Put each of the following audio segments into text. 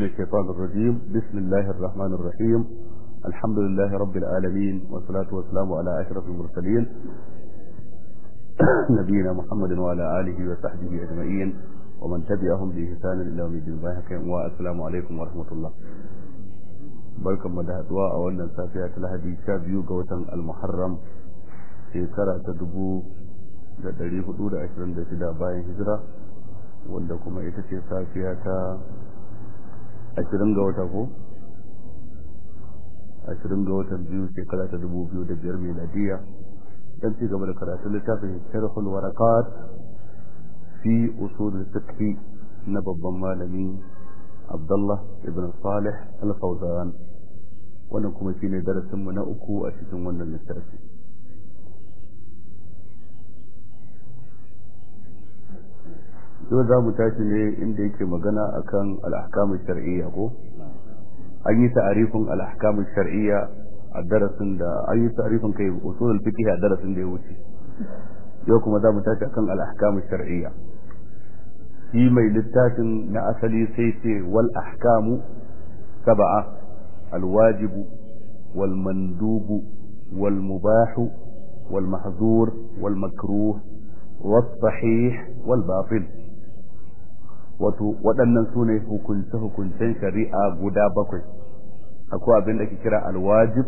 من الشيطان الرجيم بسم الله الرحمن الرحيم الحمد لله رب العالمين والصلاة والسلام على أشرف المرسلين نبينا محمد وعلى آله وصحبه أجمعين ومن تبعهم بإحسان إلى يوم الدين والسلام عليكم ورحمة الله بلكم مدى da أولا سافية الهدي safiya ta المحرم في biyu ga جدري حدود shekara ta باين هجرة ولكم إتشي سافية ashirin ga wata ko ashirin ga watan biyu shekara ta dubu biyu da biyar mai miladiya dan ci gaba da karatu littafin sharhul warakat fi usul fiqh na babban malami Abdullah ibn Salih al-Fawzan wannan kuma shine darasin mu na uku a cikin wannan littafin yau za mu tashi ne inda yake magana akan al'ahkamu shar'iyya ko an yi ta'arifin al'ahkamu shar'iyya a darasin da an yi ta'arifin kai usulul fiqh a darasin da ya wuce yau kuma za mu tashi akan al'ahkamu shar'iyya shi mai littafin na asali sai ce wal ahkamu sab'a al wajib wal mandub wal mubah wal mahzur wal makruh والصحيح والباطل wato waɗannan su ne hukunce-hukuncen shari'a guda bakwai akwai abin da ake kira alwajib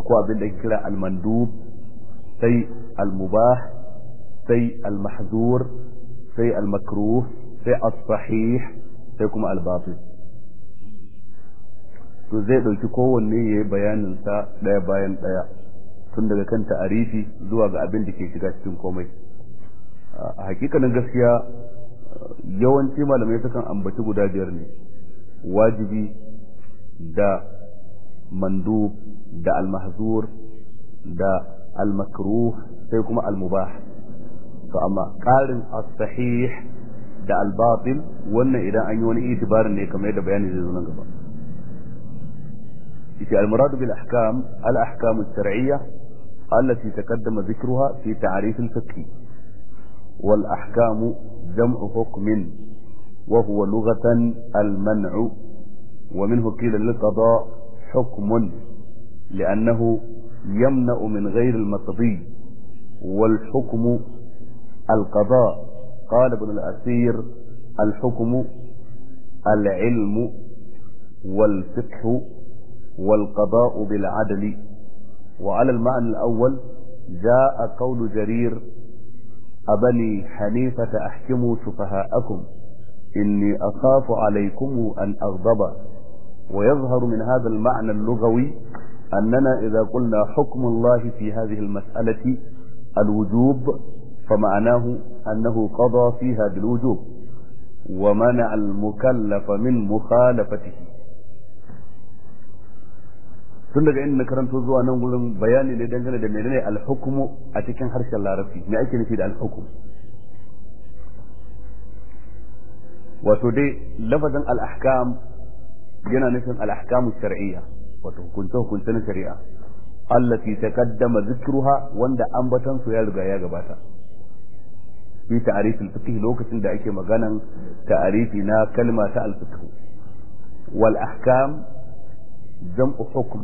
akwai abin da ake kira almandub sai almubah sai almahzur sai almakruh sai as-sahih sai kuma albatil to zai ɗauki kowanne ya yi bayanin sa ɗaya bayan ɗaya tun daga kan ta'arifi zuwa ga abin da ke shiga cikin komai a hakikanin gaskiya yawanci malamai sukan ambaci guda biyar ne wajibi da mandub da almahzur da almakruh sai kuma almubah to amma ƙarin as-sahih da albatil wannan idan an yi wani itibarin ne kamar yadda bayani zai zo nan gaba yace al-murad bil ahkam al-ahkam al shariyyah allati taqaddama dhikruha fi ta'rif al-fiqh والأحكام جمع حكم وهو لغة المنع ومنه قيل للقضاء حكم لأنه يمنع من غير المقضي والحكم القضاء قال ابن الأثير الحكم العلم والفقه والقضاء بالعدل وعلى المعنى الأول جاء قول جرير أبني حنيفة أحكموا سفهاءكم إني أخاف عليكم أن أغضب ويظهر من هذا المعنى اللغوي أننا إذا قلنا حكم الله في هذه المسألة الوجوب فمعناه أنه قضى فيها بالوجوب ومنع المكلف من مخالفته tun daga inda na karanto zuwa nan gurin bayani ne dangane da menene alhukumu a cikin harshen larabci me ake nufi da alhukum wato dai lafazin alahkam yana nufin alahkamu ahkamu shar'iyya wato hukunce hukunce na shari'a allati taqaddama zikruha wanda ambatan su ya riga ya gabata fi ta'rif al-fiqh lokacin da ake maganan ta'rifi na kalma ta al-fiqh wal ahkam jam'u hukm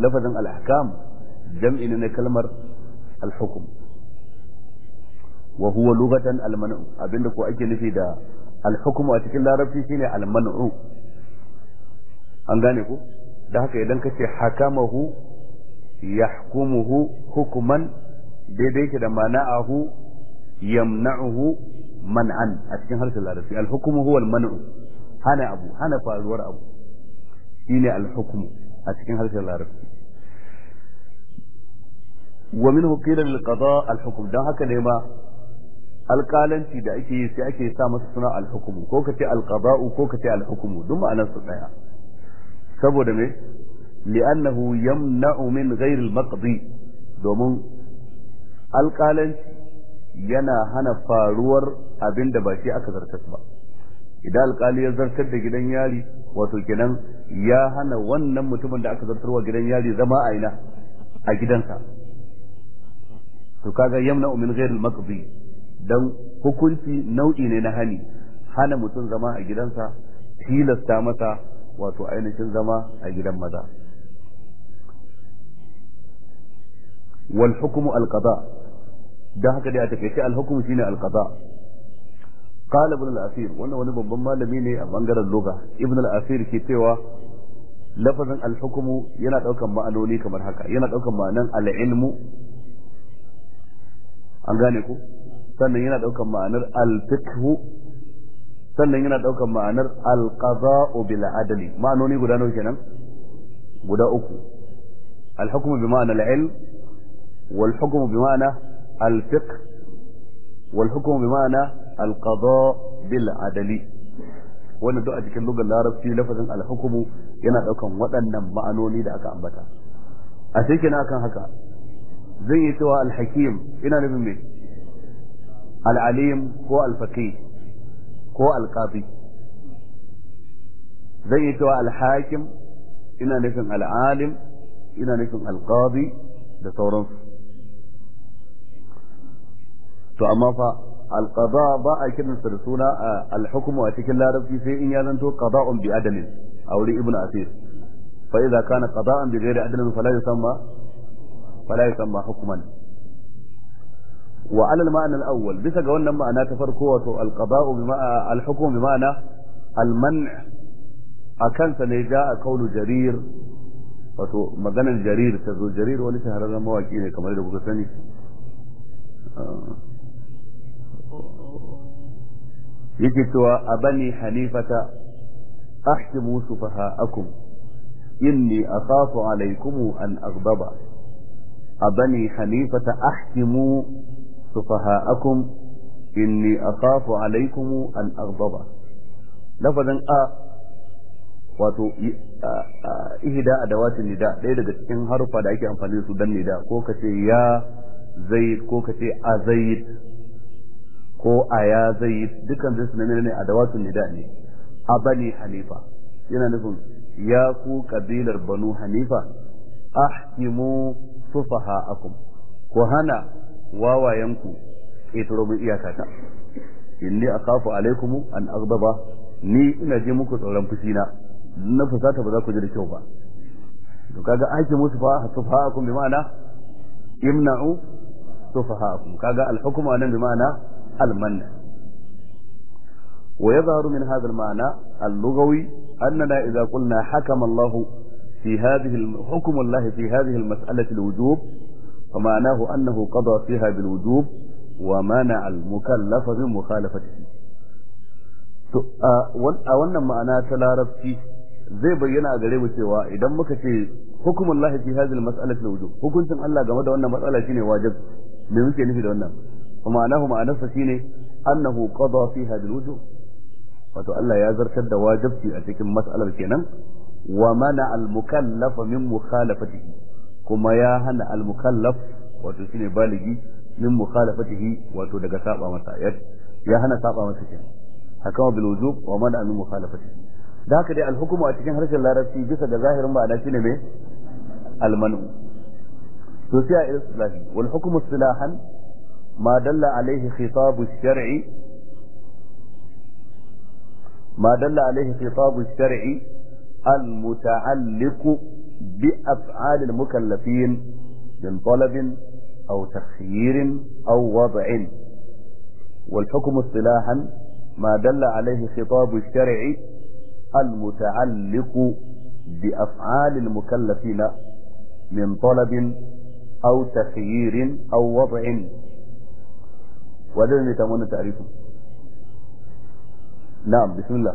lafazin al jam'i ne na kalmar al-hukm wa huwa lughatan al-man'u abinda ko ake nufi da al-hukm a cikin larabci shine al-man'u an gane ko da haka idan kace hakamahu yahkumuhu hukuman daidai yake da mana'ahu yamna'uhu man'an a cikin harshen larabci al-hukmu huwa al-man'u hana abu hana faruwar abu shine al-hukmu a cikin harshen larabci wa minhu qila lil qada al hukm dan haka ne ma alƙalanci da ake yi sai ake sa masa suna al hukm ko kace al qada'u ko kace al hukm duk ma'anar su daya saboda me li'annahu yamna'u min ghairi al domin alƙalanci yana hana faruwar abinda da ba shi aka zartar ba idan alƙali ya zartar da gidan yari wato kenan ya hana wannan mutumin da aka zartar wa gidan yari zama a ina a gidansa to kaga yamna min ghairi al dan hukunci nau'i ne na hani hana mutum zama a gidansa tilasta masa wato ainihin zama a gidan maza wal hukmu al-qada dan haka dai a takeice al-hukmu shine al-qada قال ابن الأثير وانا وانا ببن ne a bangaren lugha ibn al-asir ke cewa lafazin al-hukmu yana daukan ma'anoni kamar haka yana daukan ma'anan al-ilmu an gane ku sannan yana daukan ma'anar al-fiqhu sannan yana daukan ma'anar al-qada'u bil adli ma'anoni guda nawa kenan guda uku al bi ma'ana al-ilm wal hukmu bi ma'ana al-fiqh wal hukmu bi ma'ana al-qada' bil adli wannan duk a cikin lugar larabci lafazin alhukumu yana daukan waɗannan ma'anoni da aka ambata a cikin akan haka zai yi cewa alhakim ina nufin mai al'alim ko alfaqih ko alqabi zai yi cewa alhakim ina nufin al'alim ina nufin alqabi da sauransu to amma fa alqada ba a kiransa da suna alhukmu wa cikin larabci sai in ya zanto qada'un bi adalin a wurin ibnu asir fa idza kana qada'an bi ghairi adalin fala yusamma فلا يسمى حكما وعلى المعنى الاول بيسجوا قولنا ما انات فرقوه القضاء بما الحكم بمعنى المنع اكن سنجاء قول جرير وتو مدن الجرير تزو جرير وليس هرر مواكين كما لو كنتني آه. يجي تو ابني حنيفه احكموا سفهاءكم اني اخاف عليكم ان اغضبا أبني حنيفة أحكموا سفهاءكم إني أخاف عليكم أن أغضب لفظا أ wato ihda adawatin nida ɗaya daga cikin harufa da ake amfani da su dan nida ko ka ce ya zai ko ka ce a zaid ko a ya zaid dukkan su na ne adawatin nida ne a bani hanifa yana nufin ya ku kabilar banu hanifa ahkimu sufaha'akum ku hana wawayenku ƙetaro min iyaka ta inni akhafu alaikum an aghdaba ni ina ji muku tsoron fushi na na fusata ba za ku ji da kyau ba to kaga ake musu fa sufaha'akum bi ma'ana imna'u sufaha'akum kaga al-hukmu anan bi ma'ana al-mann ويظهر من هذا المعنى اللغوي أننا إذا قلنا حكم الله في هذه حكم الله في هذه المسألة الوجوب فمعناه أنه قضى فيها بالوجوب ومنع المكلف من مخالفته a wannan ma'ana ta larabci zai bayyana a gare mu cewa idan muka ce hukumun lahi fi hadhihi mas'alati wujub hukuncin Allah game da wannan matsala shine wajib me muke nufi da wannan kuma ma'anahu ma'anarsa shine annahu qada fi hadhihi wujub wato Allah ya zartar da wajibi a cikin mas'alar kenan wa mana al-mukallaf min mukhalafatihi kuma ya hana al-mukallaf wato shine baligi min mukhalafatihi wato daga saba masa ya hana saba masa kenan haka bil wa mana min mukhalafatihi da haka dai al a cikin harshen larabci bisa ga zahirin a islahi wal hukmu silahan ما دل عليه خطاب الشرع ما دل عليه خطاب الشرع المتعلق بأفعال المكلفين من طلب أو تخيير أو وضع والحكم اصطلاحا ما دل عليه خطاب الشرع المتعلق بأفعال المكلفين من طلب أو تخيير أو وضع وذلك تعريفه نعم بسم الله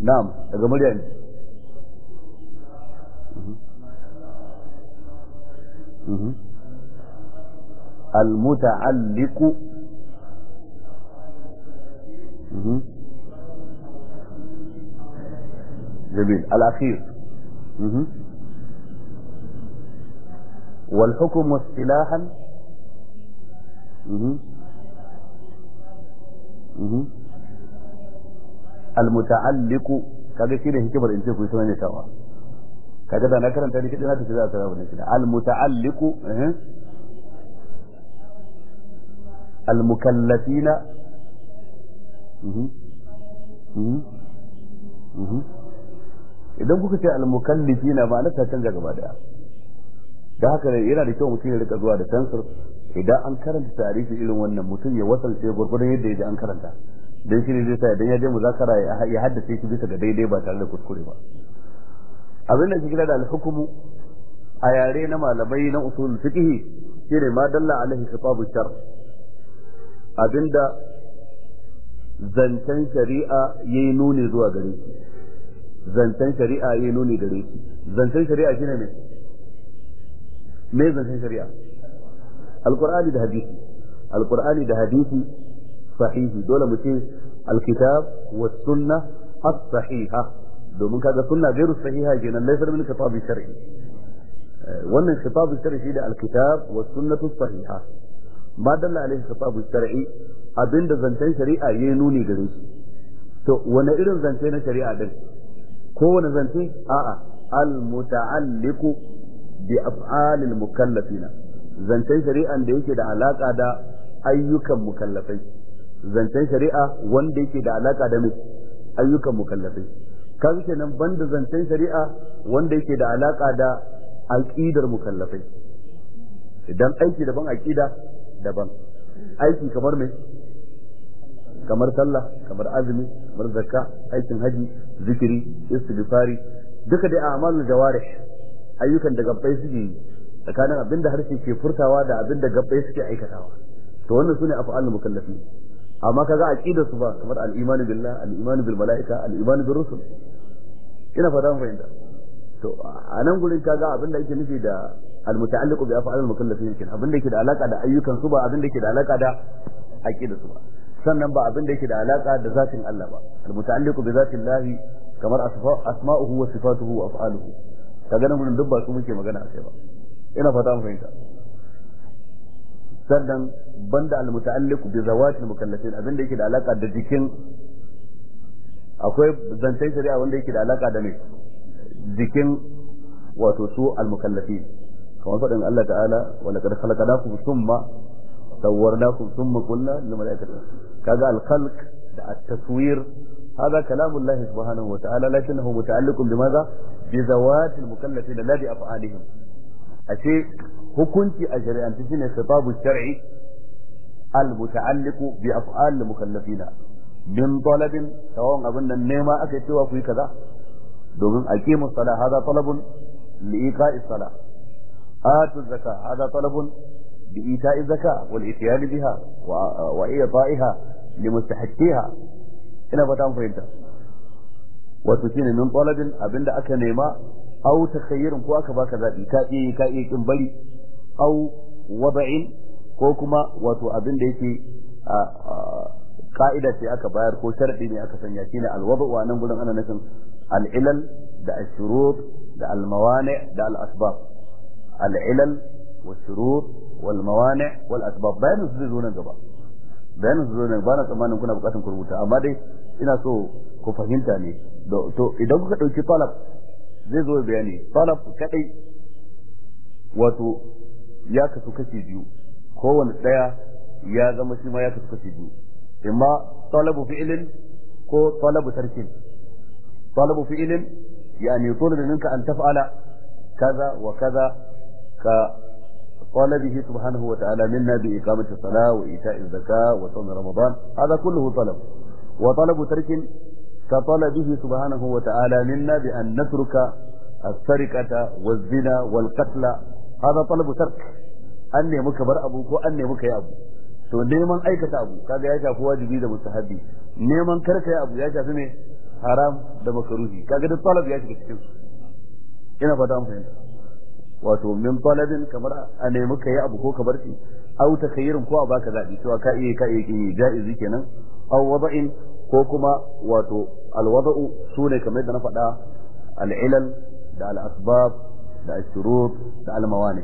نعم daga مليان المتعلق جميل الأخير والحكم اصطلاحا almuta'alliqu kaga shi ne a almukallafina idan kuka ce almukallafina ba na ta canza gaba daya da haka ne yana da kyau mutum ya rika zuwa da kansar idan an karanta tarihi irin wannan mutum ya wasance gurgurin yadda ya ji an karanta dan shi ne zai sa idan ya je muzakara ya haddace shi bisa ga daidai ba tare da kuskure ba abin da shi gida da alhukumu a yare na malamai na usul fiqhi shine ma dalla alaihi kitabu shar abinda zancen shari'a yayi nuni zuwa gare shi zancen shari'a yayi nuni gare shi zancen shari'a shine me me zancen shari'a alqur'ani da hadisi alqur'ani da hadisi sahihi dole mu ce alkitab was sunna as-sahiha domin kaga sunna gairu sahiha kenan laysa min kitab shar'i eh, wannan kitab shar'i da alkitab was sunnatu sahiha ma dalla alaihi kitab shar'i abinda zancen shari'a yayi nuni gare shi to wani irin zance na shari'a din kowane zance a'a al-muta'alliqu bi af'alil mukallafina zancen shari'an da yake da alaka da ayyukan mukallafai zancen shari'a wanda yake da alaka da mai ayyukan mukallafai kaga kenan banda zancen shari'a wanda yake da alaka da aqidar mukallafai idan aiki daban aqida daban aiki kamar mai kamar sallah kamar azumi kamar zakka aikin haji zikiri istighfari duka dai a'malul jawarih ayyukan da gabbai suke tsakanin abinda harshe ke furtawa da abinda gabbai suke aikatawa to wannan sune af'alul mukallafi amma kaga aqida su ba kamar al-iman billah al-iman bil malaika al-iman bir rusul ina fata mun fahimta to a nan gurin kaga abin da yake nufi da al-muta'alliqu bi af'al al-mukallafin kin abin da yake da alaka da ayyukan su ba abin da yake da alaka da aqida su ba sannan ba abin da yake da alaka da zatin Allah ba al-muta'alliqu bi zatin Allah kamar asma'uhu wa sifatuhu wa af'aluhu kaga nan gurin duk ba su muke magana sai ba ina fata mun fahimta sannan banda almuta'alliq bi zawatil mukallafin abin da yake da alaka da jikin akwai zantai shari'a wanda yake da alaka da ne jikin wato su almukallafi kamar faɗin Allah ta'ala wa laqad khalaqnakum thumma sawwarnakum thumma qulna lil malaikati kaga al-khalq da at-taswir هذا كلام الله سبحانه وتعالى لكنه متعلق بماذا؟ بذوات المكلفين لا بأفعالهم. أشيء hukunci a shari'ance shine khitabu shar'i al-muta'alliqu bi af'al mukallafina min talabin sawan abin nan nema aka cewa ku yi kaza domin aqimu sala hada talabun li iqa'i sala atu zakka hada talabun bi ita'i zakka wal ityan biha wa wa i'ta'iha li mustahiqiha ina fata an fahimta wato shine min talabin abinda aka nema au takhayyirin ko aka baka zabi ka iya ka iya kin bari aw wada'in ko kuma wato abin da yake ka'ida ce aka bayar ko sharadi ne aka sanya shine alwada'u wa nan gurin ana nufin al'ilal da ashurut da almawani da al'asbab al'ilal wa shurut wal mawani wal asbab bayan su zai zo nan gaba bayan su zo nan ba na tsammanin kuna bukatun ku rubuta amma dai ina so ku fahimta ne to idan kuka dauki talab zai zo bayani talab kadai wato ya kasu kashi biyu kowane daya ya zama shi ma ya kasu kashi biyu imma talabu fi'ilin ko talabu tarkin talabu fi'ilin yani tulib minka an taf'ala kaza wa kaza ka طلبه سبحانه وتعالى منا بإقامة الصلاة وإيتاء الزكاة وصوم رمضان هذا كله طلب وطلب ترك كطلبه سبحانه وتعالى منا بأن نترك السرقة والزنا والقتل hada talabu tark an nemi ka bar abu ko an nemi ka yi abu to neman aikata abu kaga ya shafi wajibi da mustahabi neman karka yi abu ya shafi ne haram da makaruhi kaga duk talab ya shiga cikin su ina fata mun fahimta wato min talabin kamar a nemi ka yi abu ko ka barci au aw takayyirin ko a ka zabi cewa ka iya ka iya kin ja'izi kenan aw wada'in ko kuma wato al-wadau sune kamar da na faɗa al'ilal da al-asbab. da ashurut da almawani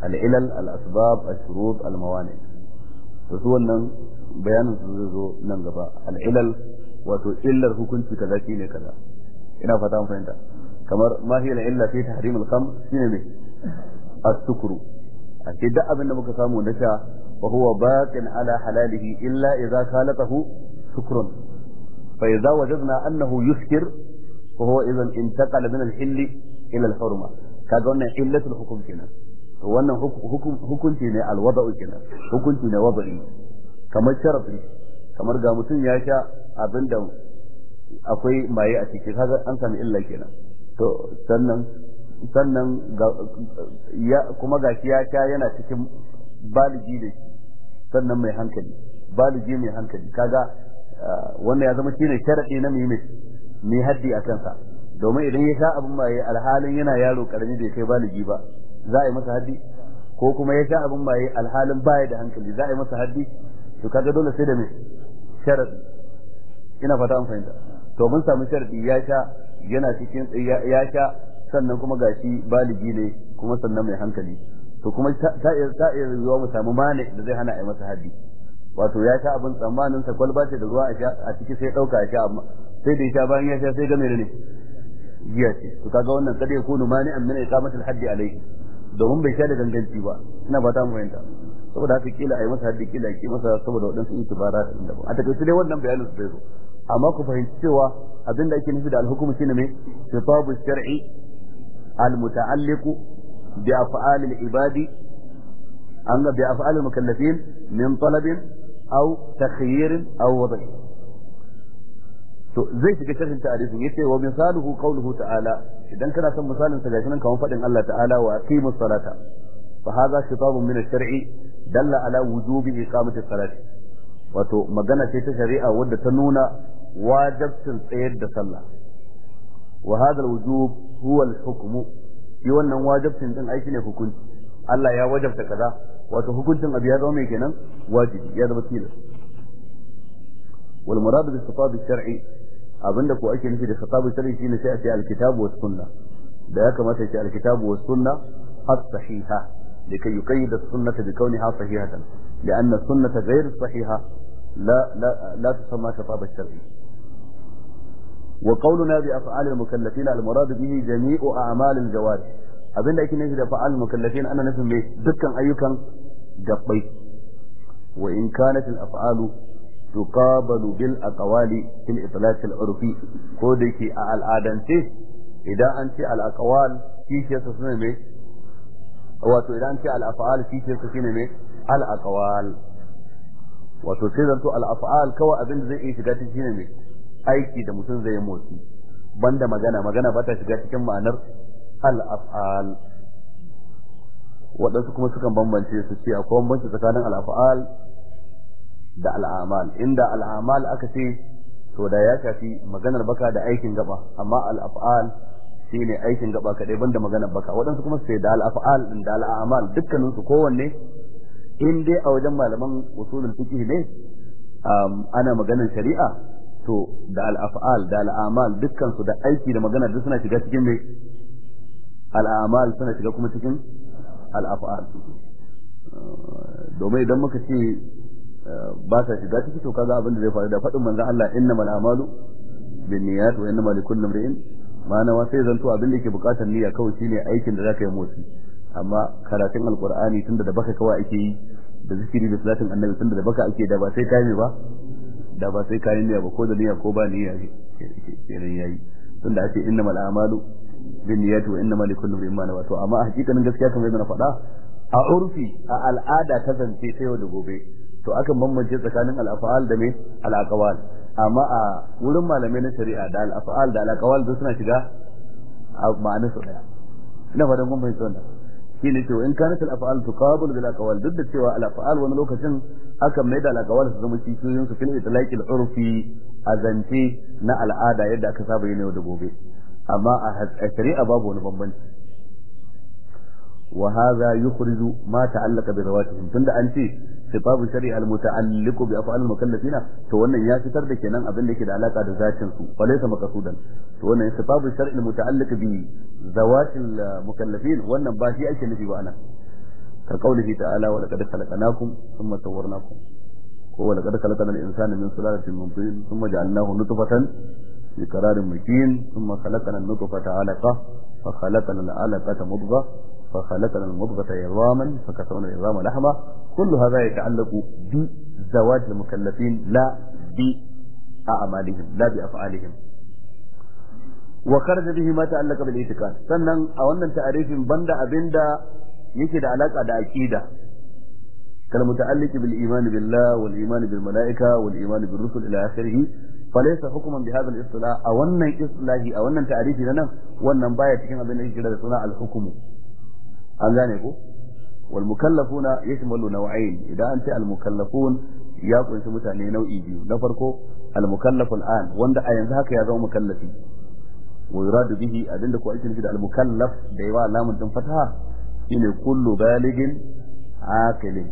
al'ilal al'asbab ashurut almawani to su wannan bayanin su zai zo nan gaba al'ilal wato illar hukunci kaza ne kaza ina fata mun fahimta kamar ma hiya illa fi tahrim al-khamr shine ne as-sukru a ce duk abin da muka samu na sha wa huwa baqin ala halalihi illa idza khalatahu sukrun fa idza wajadna annahu yuskir fa huwa idan intaqala min al-hill ila al-hurma kaga wannan illatul hukum kenan to wannan hukunci ne al-wada'u kenan hukunci ne wada'i kamar sharafi kamar ga mutum ya sha abin da akwai maye a ciki kaga an sami illa kenan to sannan sannan ya kuma gashi ya sha yana cikin baligi da shi sannan mai hankali baligi mai hankali kaga ah, wannan ya zama shine sharadi na mai mai haddi a kansa domin idan ya sha abin maye alhalin yana yaro karami bai kai baligi ba za a yi masa haddi ko kuma ya sha abin maye alhalin baya da hankali za a yi masa haddi to kaga dole sai da me sharadi ina fata an fahimta to mun samu sharadi ya sha yana cikin ya sha sannan kuma gashi baligi ne kuma sannan mai hankali to kuma ta iya ta iya zuwa mu samu mane da zai hana a yi masa haddi wato ya sha abin tsammanin sa kwalba ce da ruwa a ciki sai dauka a sha amma sai da ya sha bayan ya sha sai ga ne giya ce to kaga wannan kada ya kunu mani an min iqamatil haddi alaihi domin bai sha da ganganci ba ina ba ta mu yanda saboda haka kila ai masa haddi kila ki masa saboda wadansu itibara din inda ba a take su dai wannan bayanin su bai zo amma ku fahimci cewa abin da ake nufi da alhukumu shine me sifabu shar'i almuta'alliqu bi af'alil ibadi an ga bi af'alil mukallafin min talabin aw takhiyirin aw wadai to zai shiga sharhin ta hadisin yace wa misaluhu qawluhu ta'ala idan kana son misalin sa gashi nan kamar fadin Allah ta'ala wa aqimus salata fa hadha khitabun min ash-shar'i dalla ala wujubi iqamati salati wato magana ce ta shari'a wadda ta nuna wajibcin tsayar da sallah wa hadha al-wujub huwa al-hukmu shi wannan wajibcin din aiki ne hukunci Allah ya wajabta kaza wato hukuncin abu ya zama mai kenan wajibi ya zama tilas والمراد بالخطاب الشرعي abinda ko ake nufi da sahabu sharri shine sai a ce alkitabu was sunna da ya kamata ce alkitabu was sunna as-sahiha sunnata يقيد sahiha la la la السنة غير الصحيحة sharri wa لا bi af'al al mukallafin al murad bihi jami'u a'mal al jawari abinda ake nufi da fa'al mukallafin ana nufin dukkan ayyukan gabbai wa in kanat al af'alu tuqabalu bil aqwali fil itlaq al urfi ko da yake a al'adance idan an ce al aqwal shi ke su ne me wato idan an ce al af'al shi kawai abin da zai iya shiga cikin ne me aiki da mutum zai motsi banda magana magana ba ta shiga cikin ma'anar waɗansu kuma sukan bambance su ce akwai tsakanin al da al'amal inda al'amal aka ce to da ya shafi maganar baka da aikin gaba amma al'af'al shine aikin gaba kadai banda maganar baka waɗansu kuma sai da al'af'al din da al'amal dukkaninsu kowanne in dai a wajen malaman usulul fiqh ne ana maganar shari'a to da al'af'al da al'amal dukkansu da aiki da magana duk suna shiga cikin ne al'amal suna shiga kuma cikin al'af'al domin idan muka ce ba sa shiga ciki to kaga abin da zai faru da faɗin manzon Allah innamal a'malu binniyat wa innamal likulli imrin ma nawa zan zanto abin da yake bukatar niyya kawai shine aikin da zaka yi motsi amma karatun alqur'ani tunda da baka kawai ake yi da zikiri da salatin annabi tunda da baka ake da ba sai kai ba da ba sai kai niyya ba ko da niyya ko ba niyya kenan yayi tunda ake innamal a'malu binniyat wa innamal likulli imrin ma na to amma a hakikanin gaskiya kamar yadda na faɗa a urfi a al'ada ta zance ta yau da gobe to akan bambance tsakanin al'afa'al da mai al'aqwal amma a wurin malamai na shari'a da al'afa'al da al'aqwal duk suna shiga a ma'anar su daya ina fatan kun fahimta wannan shi ne cewa in kanat al'afa'al tuqabul bil aqwal duk da cewa al'afa'al wani lokacin akan mai da al'aqwal su zama cikin su fil itlaqil urfi azanci na al'ada yadda aka saba yin yau da gobe amma a shari'a babu wani bambanci wa hadha yukhriju ma ta'allaqa bi rawatihim tunda an ce sifabu shari al muta'alliqu bi af'al mukallafina to wannan ya fitar da kenan abin da yake da alaka da zatin su walaysa maqsudan to wannan sifabu shari al muta'alliq bi zawatil mukallafin wannan ba shi ake nufi ba anan ka kaulihi ta'ala wa laqad khalaqnakum thumma sawwarnakum ko wa laqad khalaqna al insana min sulalatin min tin thumma ja'alnahu nutfatan fi qararin makin thumma khalaqna an-nutfata 'alaqah fa khalaqna al-'alaqata mudghah فخلقنا المضغة عظاما فكسونا العظام لحما كل هذا يتعلق بزواج المكلفين لا بأعمالهم لا بأفعالهم وخرج به ما تعلق بالاعتقاد sannan a wannan ta'arifin banda abinda yake da alaka da aqida kal muta'alliq bil iman billah wal iman bil malaika wal iman bir rusul ila akhirih falaysa hukman bi hadha al istilah a wannan istilahi a wannan nan wannan baya cikin abin da yake da suna al an gane ko ya mukallafuna yashmalu naw'ain idan an ce al mukallafun ya kunshi mutane nau'i biyu na farko al mukallaful an wanda a yanzu haka ya zama mukallafi wa yuradu bihi abinda ko ake nufi da al mukallaf da yawa lamun din fataha shine kullu baligin aqilin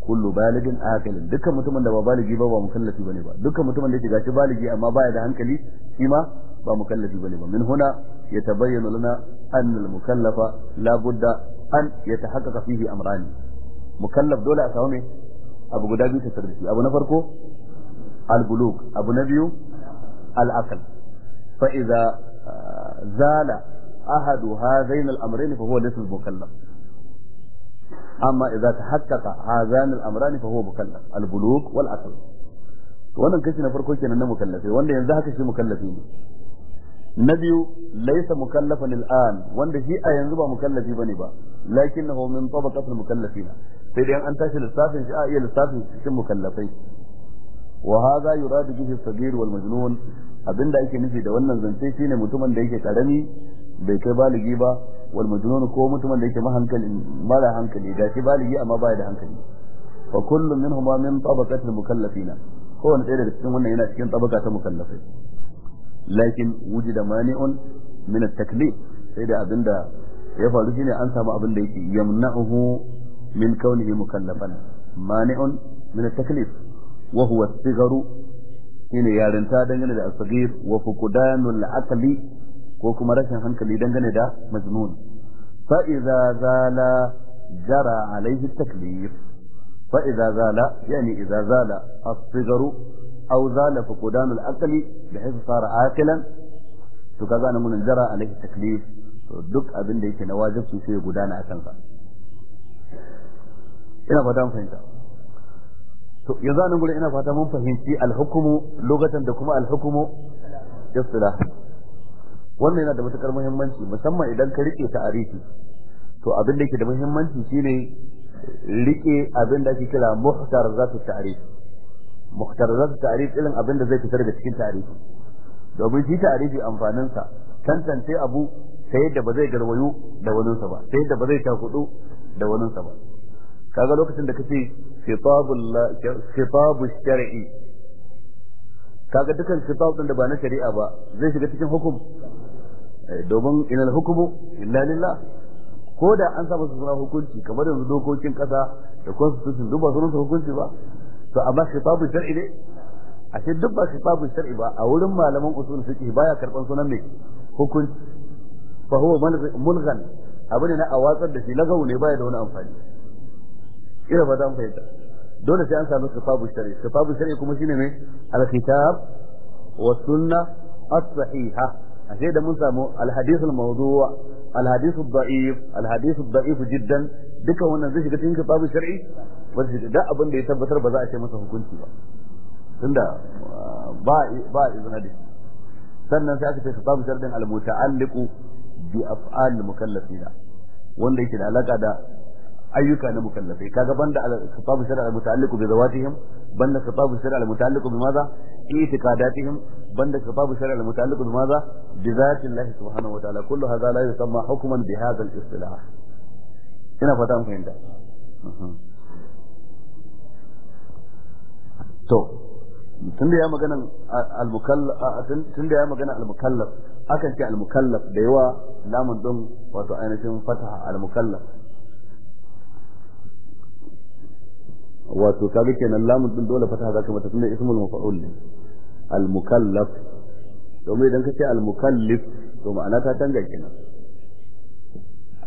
kullu baligin aqilin dukkan mutumin da ba baligi ba ba mukallafi bane ba dukkan mutumin da yake gashi baligi amma baya da hankali shi ma ba mukallafi bane ba min huna يتبين لنا أن المكلف لا بد أن يتحقق فيه أمران مكلف دولة أسامي أبو قدابي تسردسي أبو نفركو البلوغ أبو نبيو العقل فإذا آه، زال أحد هذين الأمرين فهو ليس المكلف أما إذا تحقق هذان الأمران فهو مكلف البلوغ والعقل وانا كشي نفركو farko kenan وانا ينزحك wanda مكلفين na biyu laisa mukallafan al'an wanda shi a yanzu ba mukallafi bane ba lakin lakinnahu min mukallafi na sai dai an tashi lissafin shi a iya lissafin cikin mukallafai wa hadha yuradu bihi as-saghir wal majnun abinda ake nufi da wannan zance shine mutumin da yake karami bai kai baligi ba wal majnun ko mutumin da yake mahankali mara hankali gashi baligi amma baya da hankali fa kullu minhuma min tabaqatil mukallafina kowanne ɗaya daga cikin wannan yana cikin tabaka ta mukallafai lakin wujida mani'un min at-taklif sai da abinda ya faru shine an samu abin da yake yamna'uhu min kaunihi mukallafan mani'un min at-taklif wa huwa as-sigharu shine yarinta dangane da as-saghir wa fuqdanul aqli ko kuma rashin hankali dangane da majnun fa idza zala jara alayhi at-taklif fa idza zala yani idza zala as-sigharu aw zala fuqdanul aqli da hisa sara aqilan to kaga nan mun jara alaihi taklif to duk abin yake na wajibi sai ya gudana a ina fahimta to ya zanen gurin ina fata mun fahimci alhukumu lokacin da kuma alhukumu. hukmu wannan yana da matukar muhimmanci musamman idan ka rike ta'arifi to abin da yake da muhimmanci shine rike abin da ake kira muhtar zatu ta'rif mukhtarazat ta'rif irin abin da zai fitar da cikin tarihi domin shi tarihi amfanin sa tantance abu sai yadda ba zai garwayo da wani sa ba sai yadda ba zai takudu da wani sa ba kaga lokacin da kace khitabul khitabu shar'i kaga dukan sifabu din da ba na shari'a ba zai shiga cikin hukum domin inal hukumu illa lillah ko da an saba su suna hukunci kamar yanzu dokokin kasa da constitution duk ba sunan hukunci ba to amma khitabu shar'i ne a ce duk ba khitabu shar'i ba a wurin malaman usul fiqh baya karban sunan ne hukunci fa huwa mulghan abu ne na awatsar da shi lagawu ne baya da wani amfani ira ba zan fahimta dole sai an samu khitabu shar'i khitabu shar'i kuma shine ne al-kitab wa sunna as-sahiha a ce da mun samu al-hadith al-mawdu' al-hadith ad-da'if al-hadith ad-da'if jiddan duka wannan zai shiga cikin khitabu shar'i wajen da abin da ya tabbatar ba za a ce masa hukunci ba tunda ba ba izina da shi sannan sai aka ce sabu sharɗin al-muta'alliqu bi af'al mukallafina wanda yake da alaka da ayyuka na mukallafai kaga banda sabu sharɗin al-muta'alliqu bi zawatihim banda sabu sharɗin al-muta'alliqu bi maza i'tiqadatihim banda sabu sharɗin al-muta'alliqu bi maza bi zati Allah subhanahu wa ta'ala kullu hadha la yusamma hukman bi hadha al-istilah ina fata an fahimta mhm. to tun da ya magana al-mukallaf tun da ya magana al-mukallaf akan ce al-mukallaf da yawa lamun din wato ainihin fataha al-mukallaf wato kaga kenan lamun din dole fataha zaka mata tunda ismul maf'ul ne al-mukallaf domin idan ka al-mukallif to ma'ana ta canza kenan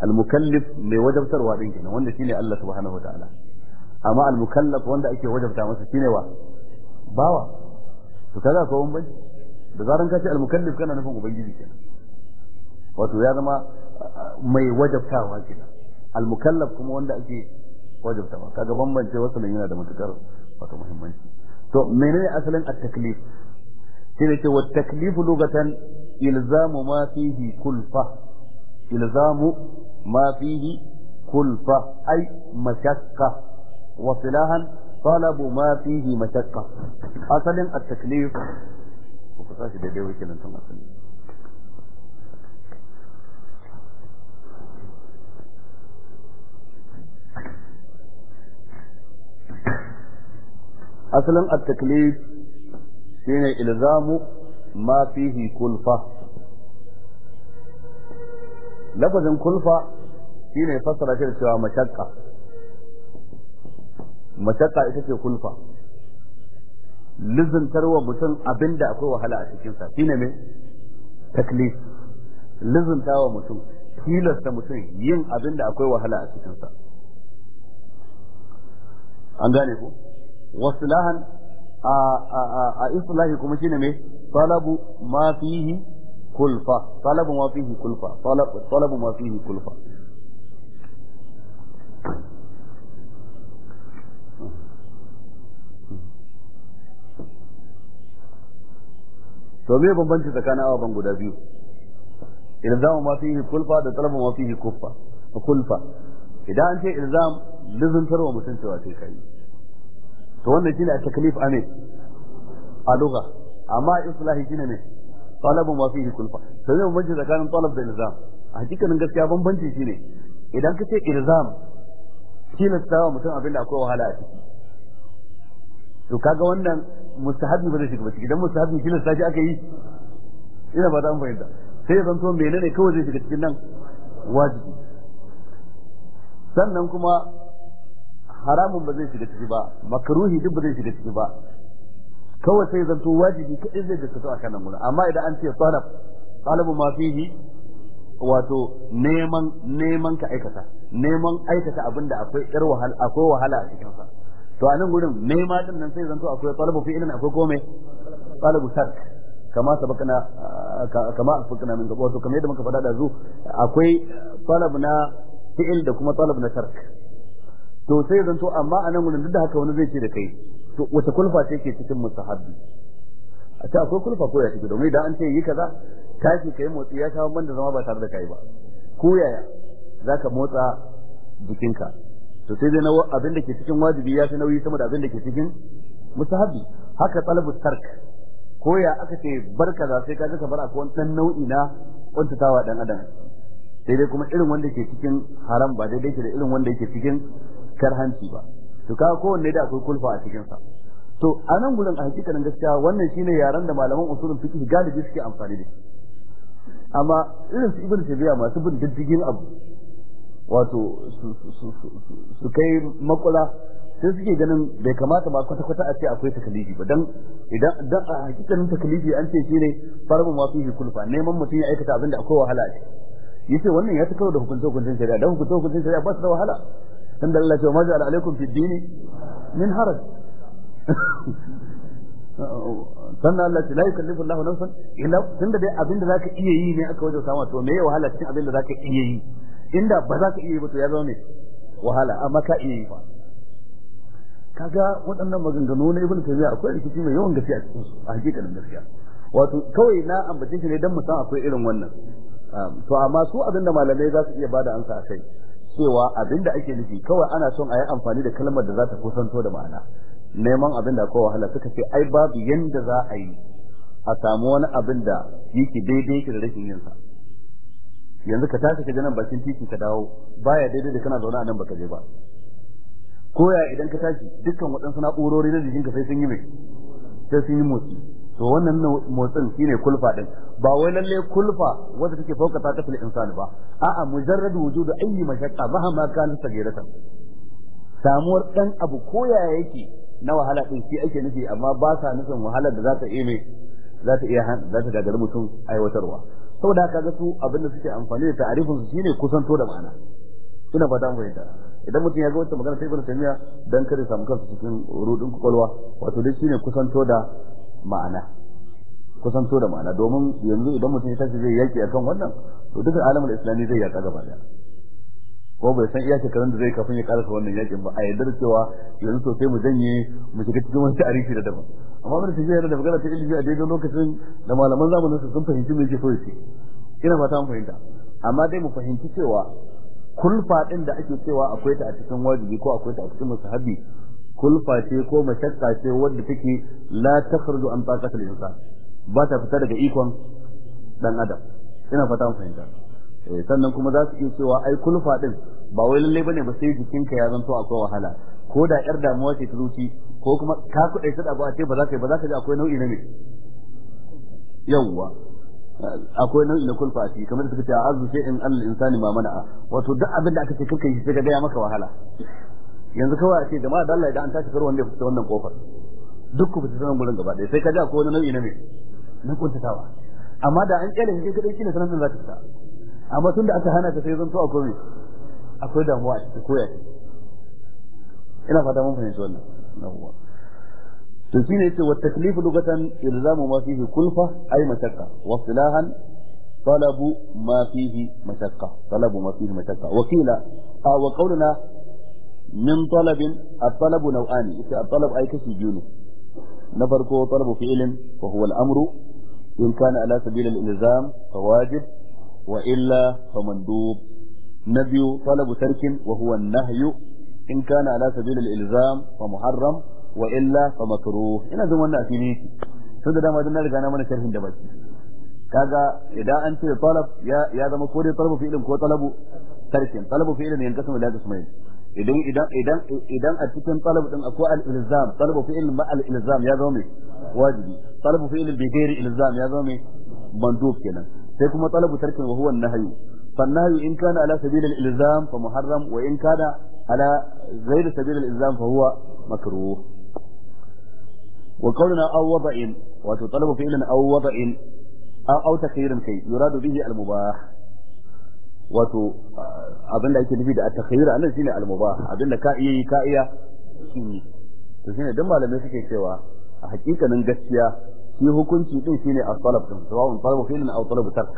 al-mukallif mai wajabtarwa din kenan wanda shine Allah subhanahu ta'ala amma al-mukallaf wanda ake wajabta masa shine wa bawa to kaza ko bambanci da zaran ka ce al-mukallif kana nufin ubangiji kenan wato ya zama ah, mai wajabtawa kenan al-mukallaf kuma wanda ake wajabtawa kaga bambance wasu ne yana da matukar wato muhimmanci to menene asalin at-taklif shine ce wa taklifu lugatan ilzamu ma fihi kulfa ilzamu ma fihi kulfa ay mashakka wa silahan طلب ma فيه mashaqqa asalin التكليف دي asalin shine ilzamu ma fihi kulfa lafazin kulfa shine fasara shi da cewa mashakka ita ce kulfa wa mutum abinda akwai wahala a cikinsa shine me taklif wa mutum tilasta mutum yin abinda akwai wahala a cikinsa an gane ku wasilahan a islahi kuma shine me talabu ma fihi kulfa talabu ma fihi kulfa talabu ma fihi kulfa to me bambanci tsakanin ababen guda biyu ilzam ma fihi kulfa da talabu ma fihi kuffa kulfa idan an ce ilzam lizantarwa mutum cewa sai kai to wannan shine a taklif ame a lugha amma islahi shine ne talabu ma fihi kulfa to me bambanci tsakanin talab da ilzam a hakikanin gaskiya bambanci shine idan ka ce ilzam shine wa mutum abin da akwai wahala a ciki to kaga wannan mustahabi ba zai shiga ba ciki dan mustahabi shi ne sai aka yi ina ba da an fahimta sai zan to menene kawai zai shiga cikin nan wajibi sannan kuma haramun ba zai shiga ciki ba makaruhi duk ba zai shiga ciki ba kawai sai zan to wajibi kadai zai da kaso akan nan gurin amma idan an ce talab talabu ma fihi wato neman neman ka aikata neman aikata abinda akwai yar wahala akwai wahala a cikin sa to a nan gurin ma din nan sai zanto akwai talabu fi'ilin akwai komai talabu shark kama sabakana kama afukana min gabo to kamar yadda muka faɗa da zu akwai talabu na fi'il da kuma talabu na shark. to sai zanto amma a nan gurin duk da haka wani zai ce da kai to wace kulfa ce ke cikin mustahabbi a ce akwai kulfa ko ya ciki domin idan an ce yi kaza tashi kai motsi ya kawo banda zama ba tare da kai ba ko yaya zaka motsa jikinka to sai dai na abin da ke cikin wajibi ya fi nauyi sama da abin da ke cikin mustahabi haka talabu tark ko ya aka ce barka za sai kaga ka bar akwai wani dan nau'i na kuntatawa dan adam sai dai kuma irin wanda ke cikin haram ba daidai ke da irin wanda yake cikin karhanci ba to kaga kowanne da akwai kulfa a cikin sa to a nan gurin a hakikanin gaskiya wannan shine yaren da malaman usulun fiqh galibi suke amfani da shi amma irin su ibnu tabiya masu bin diddigin abu wato su kai makula sai suke ganin bai kamata ba kwata-kwata a ce akwai takalifi ba don idan a hakikanin takalifi an ce shi ne farbin wasu fihi kulfa neman mutum ya aikata abin da akwai wahala ce yace wannan ya ta kawo da hukuntar hukuntar shari'a don hukuntar hukuntar shari'a ba su da wahala dan da Allah ya ce ma ja'ala alaikum fi dini min haraj sannan Allah ce la yukallifu Allahu nafsan illa tunda dai abin da zaka iya yi ne aka wajen sama to me ya wahala cikin abin da zaka iya yi inda ba za ka iya yi ba to ya zama mai wahala amma ka iya yi ba kaga waɗannan maganganu na ibnu taymiya akwai rikici mai yawan gaskiya a cikin su a hakikanin gaskiya wato kawai na ambace shi ne dan mu akwai irin wannan um, to amma su abinda malamai za su iya bada ansa kai cewa abinda ake nufi kawai ana son a yi amfani da kalmar da za ta kusanto da ma'ana neman abinda akwai wahala suka ce ai babu yanda za a yi a samu wani abin da yake daidai yake da rashin sa yanzu ka tashi ka ji nan bakin titi ka dawo baya daidai da kana zauna a nan baka je ba koya idan ka tashi dukkan waɗansu na'urori na jikinka sai sun yi mai sai sun yi motsi to wannan motsin shine kulfa ɗin ba wai lallai kulfa wanda take fauka ta kafin insani ba a'a mujarrad wujudu ayyi mashaqqa mahama kanat ta. samuwar dan abu koya yake na wahala ɗin shi ake nufi amma ba sa nufin wahalar da za ta iya za ta iya za ta gagari mutum aiwatarwa saboda haka ga su abin da suke amfani da ta'arifin su shine kusanto da ma'ana ina fata mu fahimta idan mutum ya ga wata magana ta ibnu taymiya dan kare samu kansa cikin rudin kwakwalwa wato dai shine kusanto da ma'ana kusanto da ma'ana domin yanzu idan mutum ya tashi zai yaki akan wannan to duka alamul islami zai yaka gaba daya ko bai san iya shekarun da zai kafin ya karasa wannan yakin ba a yi cewa yanzu to sai mu janye mu shiga cikin wani tarihi da daban amma mun tafi yana da magana ta ilimi a daidai lokacin da malaman zamanin su sun fahimci me ke soyi ce ina fata mu fahimta amma dai mu fahimci cewa kulfa din da ake cewa akwai ta a cikin wajibi ko akwai ta a cikin musahabi kulfa ce ko mashakka ce wanda take la takhruju an taqatil insan ba ta fita daga ikon dan adam ina fata mu fahimta Eh, sannan kuma za su iya cewa ai kulfa din ba wai lalle bane ba sai jikinka ya zanto akwai wahala ko da yar damuwa ce ta zuci ko kuma ka kuɗai sada ba a ce ba za ka yi ba za ka ji akwai nau'i na me yawwa akwai nau'i na kulfa a ciki kamar da suka ce azu sai in al insani ma mana'a wato duk abin da aka ce kanka yi sai ka ya maka wahala yanzu kawai a ce ma da Allah idan an tashi karwan ne fita wannan kofar duk ku fita nan gurin gaba ɗaya sai ka ji akwai wani nau'i na me na kuntatawa amma da an kyale shi kadai shine sanan za ta fita amma tunda aka hana ta sai zan to akwai akwai damuwa a cikin koya ina fata mun fahimci wannan yawwa to shine yace wa taklifu lugatan ilzamu ma fihi kulfa ay mashaqqa wa silahan talabu ma fihi mashaqqa talabu ma fihi mashaqqa wa qila a wa qawluna min talabin at-talabu naw'ani ita at-talab ay kashi biyu ne na farko talabu fi'lin wa huwa al-amru in kana ala sabil al-ilzam fa wajib wa illa fa mandub na biyu talabu tarkin wa huwa nahyu in kana ala sabil al-ilzam fa muharram wa illa fa makruh ina jin wannan asili to da dama dan riga na mana sharhin da baki kaga idan an ce talab ya zama ko dai ko ne idan idan idan idan a cikin talabu din akwai al-ilzam talabu fi'l ma al-ilzam ya zama wajibi talabu fi'l bi ghairi ilzam ya zama mandub kenan sai kuma talabu tarkin wa huwa an-nahyu فالنهي إن كان على سبيل الإلزام فمحرم وإن كان على غير سبيل الإلزام فهو مكروه وقولنا أو وضع وتطلب فعلا أو وضع أو, أو تخير كي يراد به المباح wato abin da ake nufi da at-takhayyur anan shine al-mubah abin da ka iya yi ka iya to shine dan malamai suke cewa a hakikanin gaskiya shi hukunci din shine as-talab din sawa'un talabu fi'lin aw talabu tark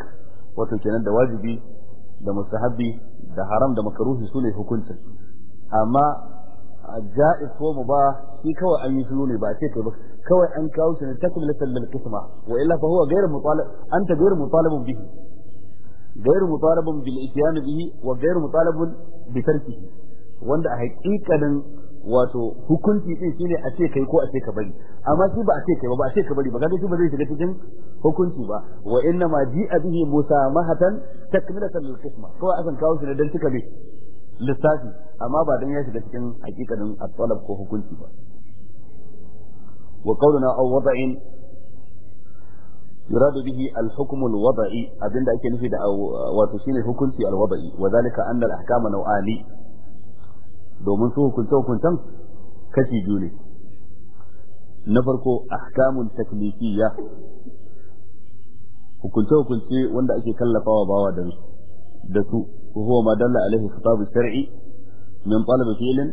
wato kenan da wajibi da mustahabbi da haram da makruhi sune hukuncin amma jaiz ko mubah shi kawai an yi shiru ne ba a ce kai ba kawai an kawo shi ne takmilatan lil qisma wa illa fa huwa ghayr mutalab anta ghayr mutalab bihi ghayr mutalab bil ityan bihi wa ghayr mutalab bi tarkihi wanda a haƙiƙanin wato hukunci din shine a ce kai ko a ce ka bari amma shi ba a ce kai ba ba a ce ka bari ba kaga shi ba zai shiga cikin hukunci ba wa inna ma ji'a bihi musamahatan takmilatan lil qisma kawai akan kawo shi ne dan cika bi lissafi amma ba dan ya shiga cikin hakikanin at-talab ko hukunci ba wa qawluna aw wada'in يراد به الحكم الوضعي أبن دا أكي نفيد أو واتشين الحكم في الوضعي وذلك أن الأحكام نوعان domin su hukunta hukuntan kashi biyu ne na farko ahkamun taklifiyya hukunta hukunci wanda ake kallafawa bawa da da su huwa madalla alaihi khitabu shar'i min talab fi'lin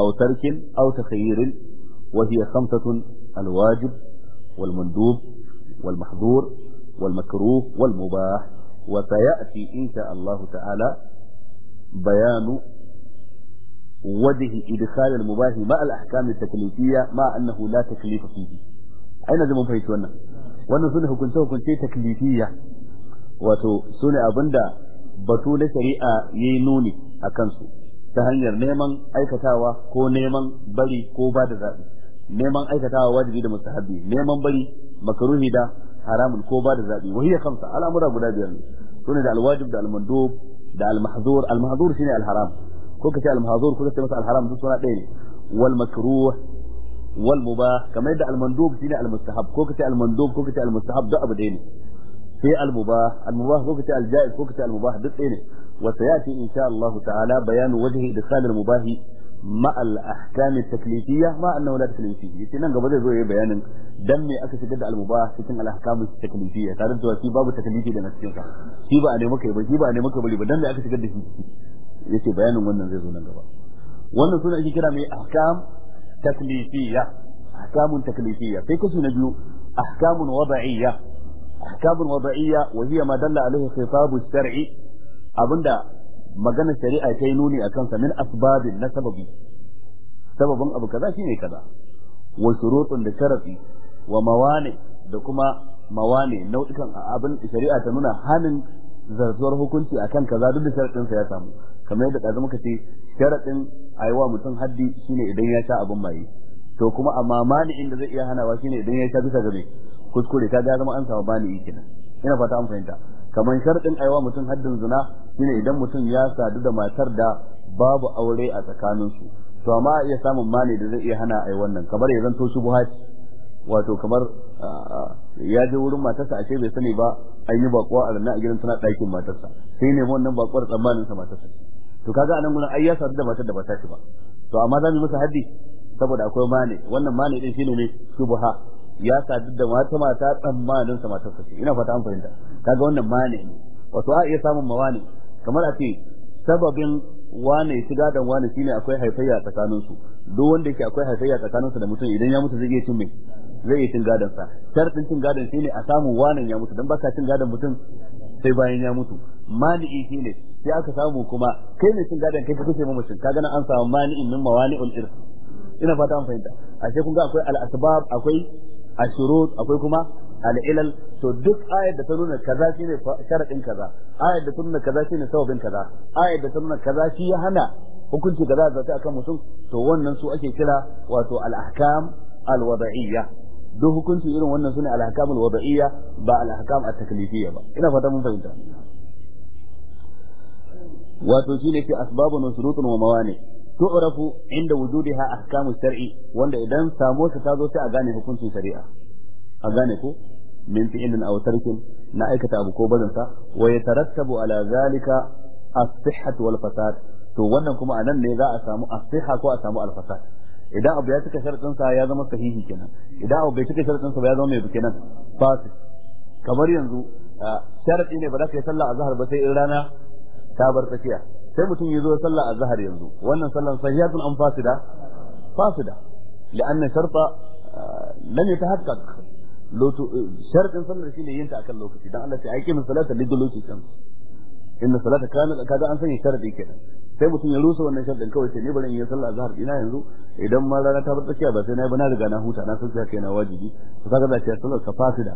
aw tarkin aw takhayyirin wa hiya khamsatun alwajib والمندوب والمحظور والمكروه والمباح وسيأتي إن شاء الله تعالى بيان وجه إدخال المباح مع الأحكام التكليفية مع أنه لا تكليف فيه أين زمن فهيت وانا وانا سنة كنت كنت تكليفية wato su ne abin da batu na shari'a ya nuni a kansu ta hanyar neman aikatawa ko neman bari ko ba da zaɓi neman aikatawa wajibi da mustahabi neman bari makaruhi da haramun ko ba da zaɓi wahiyya kamsa al'amura guda biyar ne su da da da alharam ko ka ce al ko ka ce masa alharam haram duk suna ɗaya ne wal makruh wal mubah kamar yadda al shine al ko ka ce al-mandub ko ka ce al-mustahab abu ɗaya ne sai al-mubah al-mubah ko ka ce al-jaiz ko ka ce al-mubah duk ɗaya ne wa sayati insha Allah ta'ala bayanu wajhi idkhal al-mubah ma al-ahkam at-taklifiyya ma annahu la taklifiyya yace nan gaba zai zo yayi bayanin dan me aka shigar da al-mubah cikin al-ahkam taklifiyya tare da cewa shi babu taklifi da cikin sa shi ba a ne maka ba shi ba a ne maka bari ba dan me aka shigar da shi yace bayanin wannan zai zo nan gaba wannan suna ake kira mai ahkam taklifiyya ahkamun taklifiyya sai kashi na biyu ahkamun wada'iyya ahkamun wada'iyya wa hiya ma dalla alaihi khitabu shar'i abinda magana shari'a ta yi nuni akan sa min asbabin na sababi sababin abu kaza shine kaza wa shurutun da sharafi wa mawani da kuma mawani nau'ikan abin shari'a ta nuna hanin zartuwar hukunci akan kaza duk da sharadin sa ya samu kamar yadda ɗazu muka ce sharaɗin a yi wa mutum haddi shine idan ya sha abin maye to kuma amma mani'in da zai iya hanawa shine idan ya sha bisa game kuskure ta ga zama an samu mani'i kenan ina fata an fahimta kamar sharaɗin a yi wa mutum haddin zina shine idan mutum ya sadu da matar da babu aure a tsakaninsu to amma iya samun mani da zai iya hana a yi wannan kamar ya zanto shubuhati wato kamar ya je wurin matarsa ashe bai sani ba an yi bakuwa a rana a gidan tana ɗakin matarsa sai ne wannan bakuwar tsammanin sa matarsa to kaga anan gurin ai ya sadu da matar da ba ta shi ba to amma za mu masa haddi saboda akwai mane wannan mane din shine ne subha ya sadu da mata mata tsammanin sa matar sa ina fata an fahimta kaga wannan mane ne wato a iya samun mawani kamar a ce sababin wane shiga dan wane shine akwai haifayya tsakanin su duk wanda yake akwai haifayya tsakanin su da mutum idan ya mutu zai iya cin mai zai iya cin gadon sa sharɗin cin gadon shine a samu wanan ya mutu dan baka cin gadon mutum sai bayan ya mutu mali'i shine sai aka samu kuma kai ne cin gadon kai ka kace mu mutum kaga nan an samu mani'in min mawani'ul irs ina fata an fahimta ashe kun ga akwai al asbab akwai ashurut akwai kuma al ilal to duk ayar da ta nuna kaza shine sharadin kaza ayar da ta nuna kaza shine sababin kaza ayar da ta nuna kaza shi ya hana hukunci kaza da ta akan mutum to wannan su ake kira wato al ahkam al wada'iyya duk hukunci irin wannan sune al ahkam al wada'iyya ba al ahkam at taklifiyya ba ina fata mun fahimta wato shine fi asbabun wa shurutun wa mawani tu'rafu inda wujudiha ahkamu shar'i wanda idan samo ta tazo sai a gane hukuncin shari'a a gane ko min fi'lin aw tarkin na aikata abu ko barin sa wa yatarattabu ala zalika as-sihhat wal fasad to wannan kuma anan ne za a samu as-sihha ko a samu al-fasad idan abu ya cika sharadin sa ya zama sahihi kenan idan abu bai cika sharadin sa ba ya zama mai kenan fasid kamar yanzu sharadi ne ba za ka yi sallah zahar ba sai in rana ta bar tsakiya sai mutum ya zo sallah azhar yanzu wannan sallan sahihatun an fasida fasida li'anna sharta eh, lam yatahaqqaq lotu shartin sallar shine yinta ta akan lokaci dan Allah sai aiki min salata lokaci kan inna salata kana kada an sanya sharadi kenan sai mutum ya rusa wannan sharɗin kawai sai ne bari in yi sallah azhar ina yanzu idan ma rana ta bar tsakiya ba sai na yi ba na riga na huta na san kai na wajibi to kaga da cewa sallar ka fasida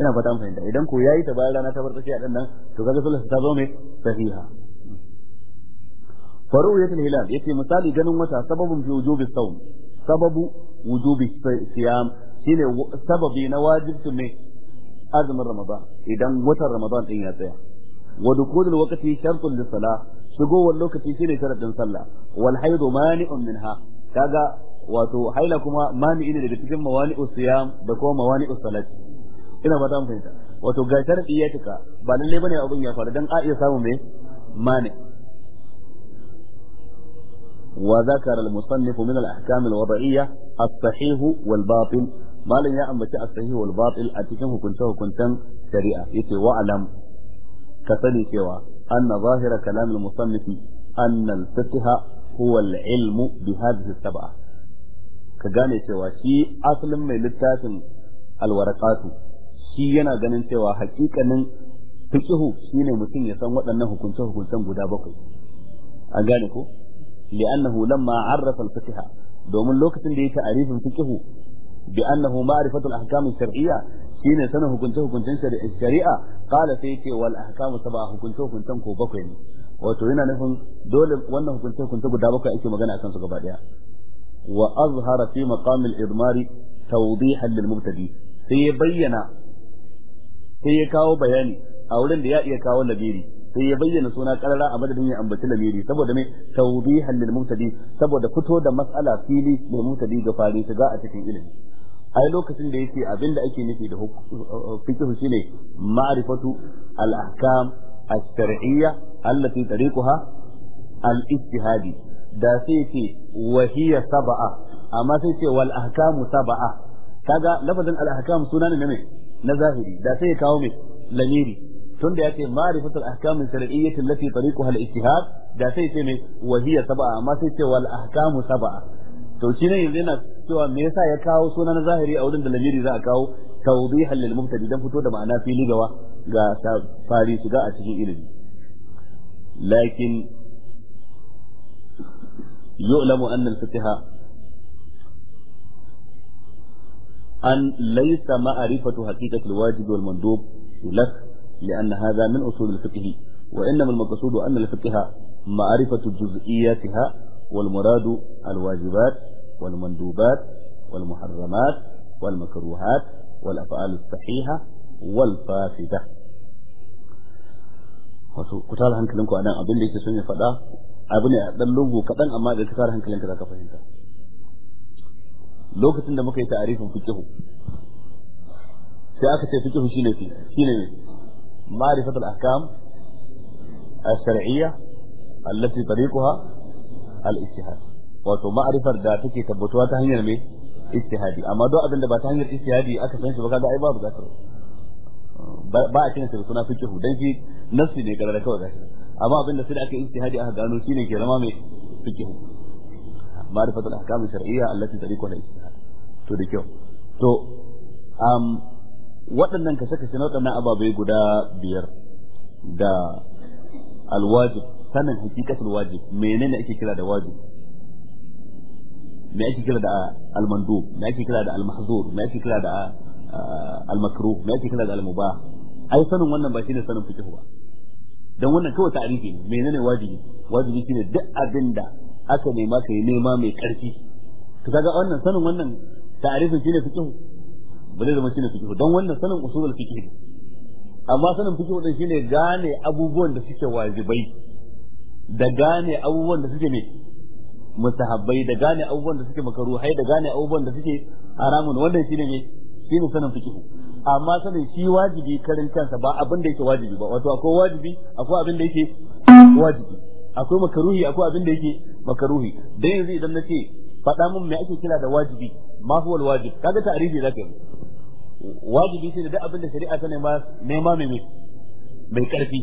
ina fata an fahimta idan ko yayi ta bayan rana ta a tsakiya din nan to kaga sallar ta zo mai sahiha faruyatul hilal yace misali ganin wata sababun fi wujubi sawm sababu wujubi siyam shine sababi na wajibtu ne azumin ramadan idan watan ramadan din ya tsaya wa dukulul waqti shartun lis salah shigowar lokaci shine sharadin sallah wal haidu mani'un minha kaga wato haila kuma mani'i ne daga cikin mawani'us siyam da kuma mawani'us salati ina ba za fahimta wato ga sharadi ya cika ba lalle bane abin ya faru dan a iya samu me mane wa zakara al-musannif min al-ahkam al-wad'iyya as-sahih wal-batil malan ya ambaci as-sahih wal-batil a cikin hukunta hukuncen shari'a yace wa alam ka sani cewa anna zahira kalam al-musannif anna al-fiqha huwa al-ilmu bi hadhihi as-sab'a ka gane cewa shi asalin mai littafin al-waraqatu shi yana ganin cewa hakikanin fiqhu shine mutum ya san waɗannan hukunce hukuncen guda bakwai an gane ko li'annahu lamma arrafa al-fiqha domin lokacin da yake arifin fiqhu bi annahu ma'rifatu al-ahkam al-shar'iyya shine sanin hukunce hukuncen shari'a qala sai yake wal ahkam sab'a hukunce hukuncen ko bakwai ne wato yana nufin dole wannan hukunce hukunce guda bakwai ake magana akan su gaba daya wa azhara fi maqam al-idmari tawdihan lil mubtadi sai ya bayyana sai ya kawo bayani a wurin da ya iya kawo labiri sai ya bayyana suna karara a madadin ya ambaci lamiri saboda mai tawbihan lil mutadi saboda fito da mas'ala fili lil mutadi ga fari shiga a cikin ilimi ai lokacin da yake abin da ake nufi da fiqh shine ma'rifatu al ahkam ash-shar'iyya allati tariquha al ijtihadi da sai ce wahiya sab'a amma sai ce wal ahkamu sab'a kaga lafazin al ahkam suna ne ne na zahiri da sai ya kawo mai lamiri tun da ya ce ma'rifatul ahkamin shar'iyyati allati tariquha al-ijtihad da sai ce mai wahiya sab'a amma sai ce wal ahkamu sab'a to shi ne yanzu yana cewa me yasa ya kawo suna na zahiri a wurin da lamiri za a kawo tawdihan lil mubtadi dan fito da ma'ana fili gawa ga fari shiga a cikin ilimi lakin yu'lamu anna al أن ليس معرفة حقيقة الواجب والمندوب لك لأن هذا من أصول الفقه وإنما المقصود أن الفقه معرفة جزئياتها والمراد الواجبات والمندوبات والمحرمات والمكروهات والأفعال الصحيحة والفاسدة wato ku tara hankalinku a nan abin da yake son ya faɗa abu ne a ɗan lungu kaɗan amma da ka hankalinka za ka fahimta lokacin da muka yi ta'arifin fiqh sai aka ce fiqh shine fi shine ne ma'rifatul ahkam الشرعية التي al الاجتهاد wato ma'arifar da take tabbatuwa ta hanyar me ijtihadi amma duk abin da ba ta hanyar ijtihadi aka san shi ba kaga ai babu zakar ba a cikin suna fiqh dan shi nafsi ne garara kawai gashi amma abin da sai da aka ijtihadi aka gano shine ke zama mai fiqh ma'rifatul ahkam shar'iyya allati tariqu al-ijtihad to da kyau to um, waɗannan saka shi na waɗannan ababai guda biyar da alwajib sanin hakikatul wajib menene ake kira da wajib me ake kira da almandu me ake kira da almahzur me ake kira da almakruh me ake kira da almubah ai sanin wannan ba shine sanin fiqh ba dan wannan kawai ta'arifi ne menene wajibi wajibi shine duk abin da aka nema kai nema mai karfi to kaga wannan sanin wannan ta'arifin shine fiqh ba zai zama shine fiqh don wannan sanin usulul fiqh ne amma sanin fiqh din shine gane abubuwan da suke wajibai da gane abubuwan da suke ne mutahabbai da gane abubuwan da suke makaruhai da gane abubuwan da suke haramun wannan shine ne shine sanin fiqh amma sanin shi wajibi karin kansa ba abin da yake wajibi ba wato akwai wajibi akwai abin da yake wajibi akwai makaruhi akwai abin da yake makaruhi dan yanzu idan nace faɗa mun me ake kira da wajibi ma huwa alwajib kaga ta'rifi zaka yi wajibi ne duk abin da shari'a ta nema nema mai mai karfi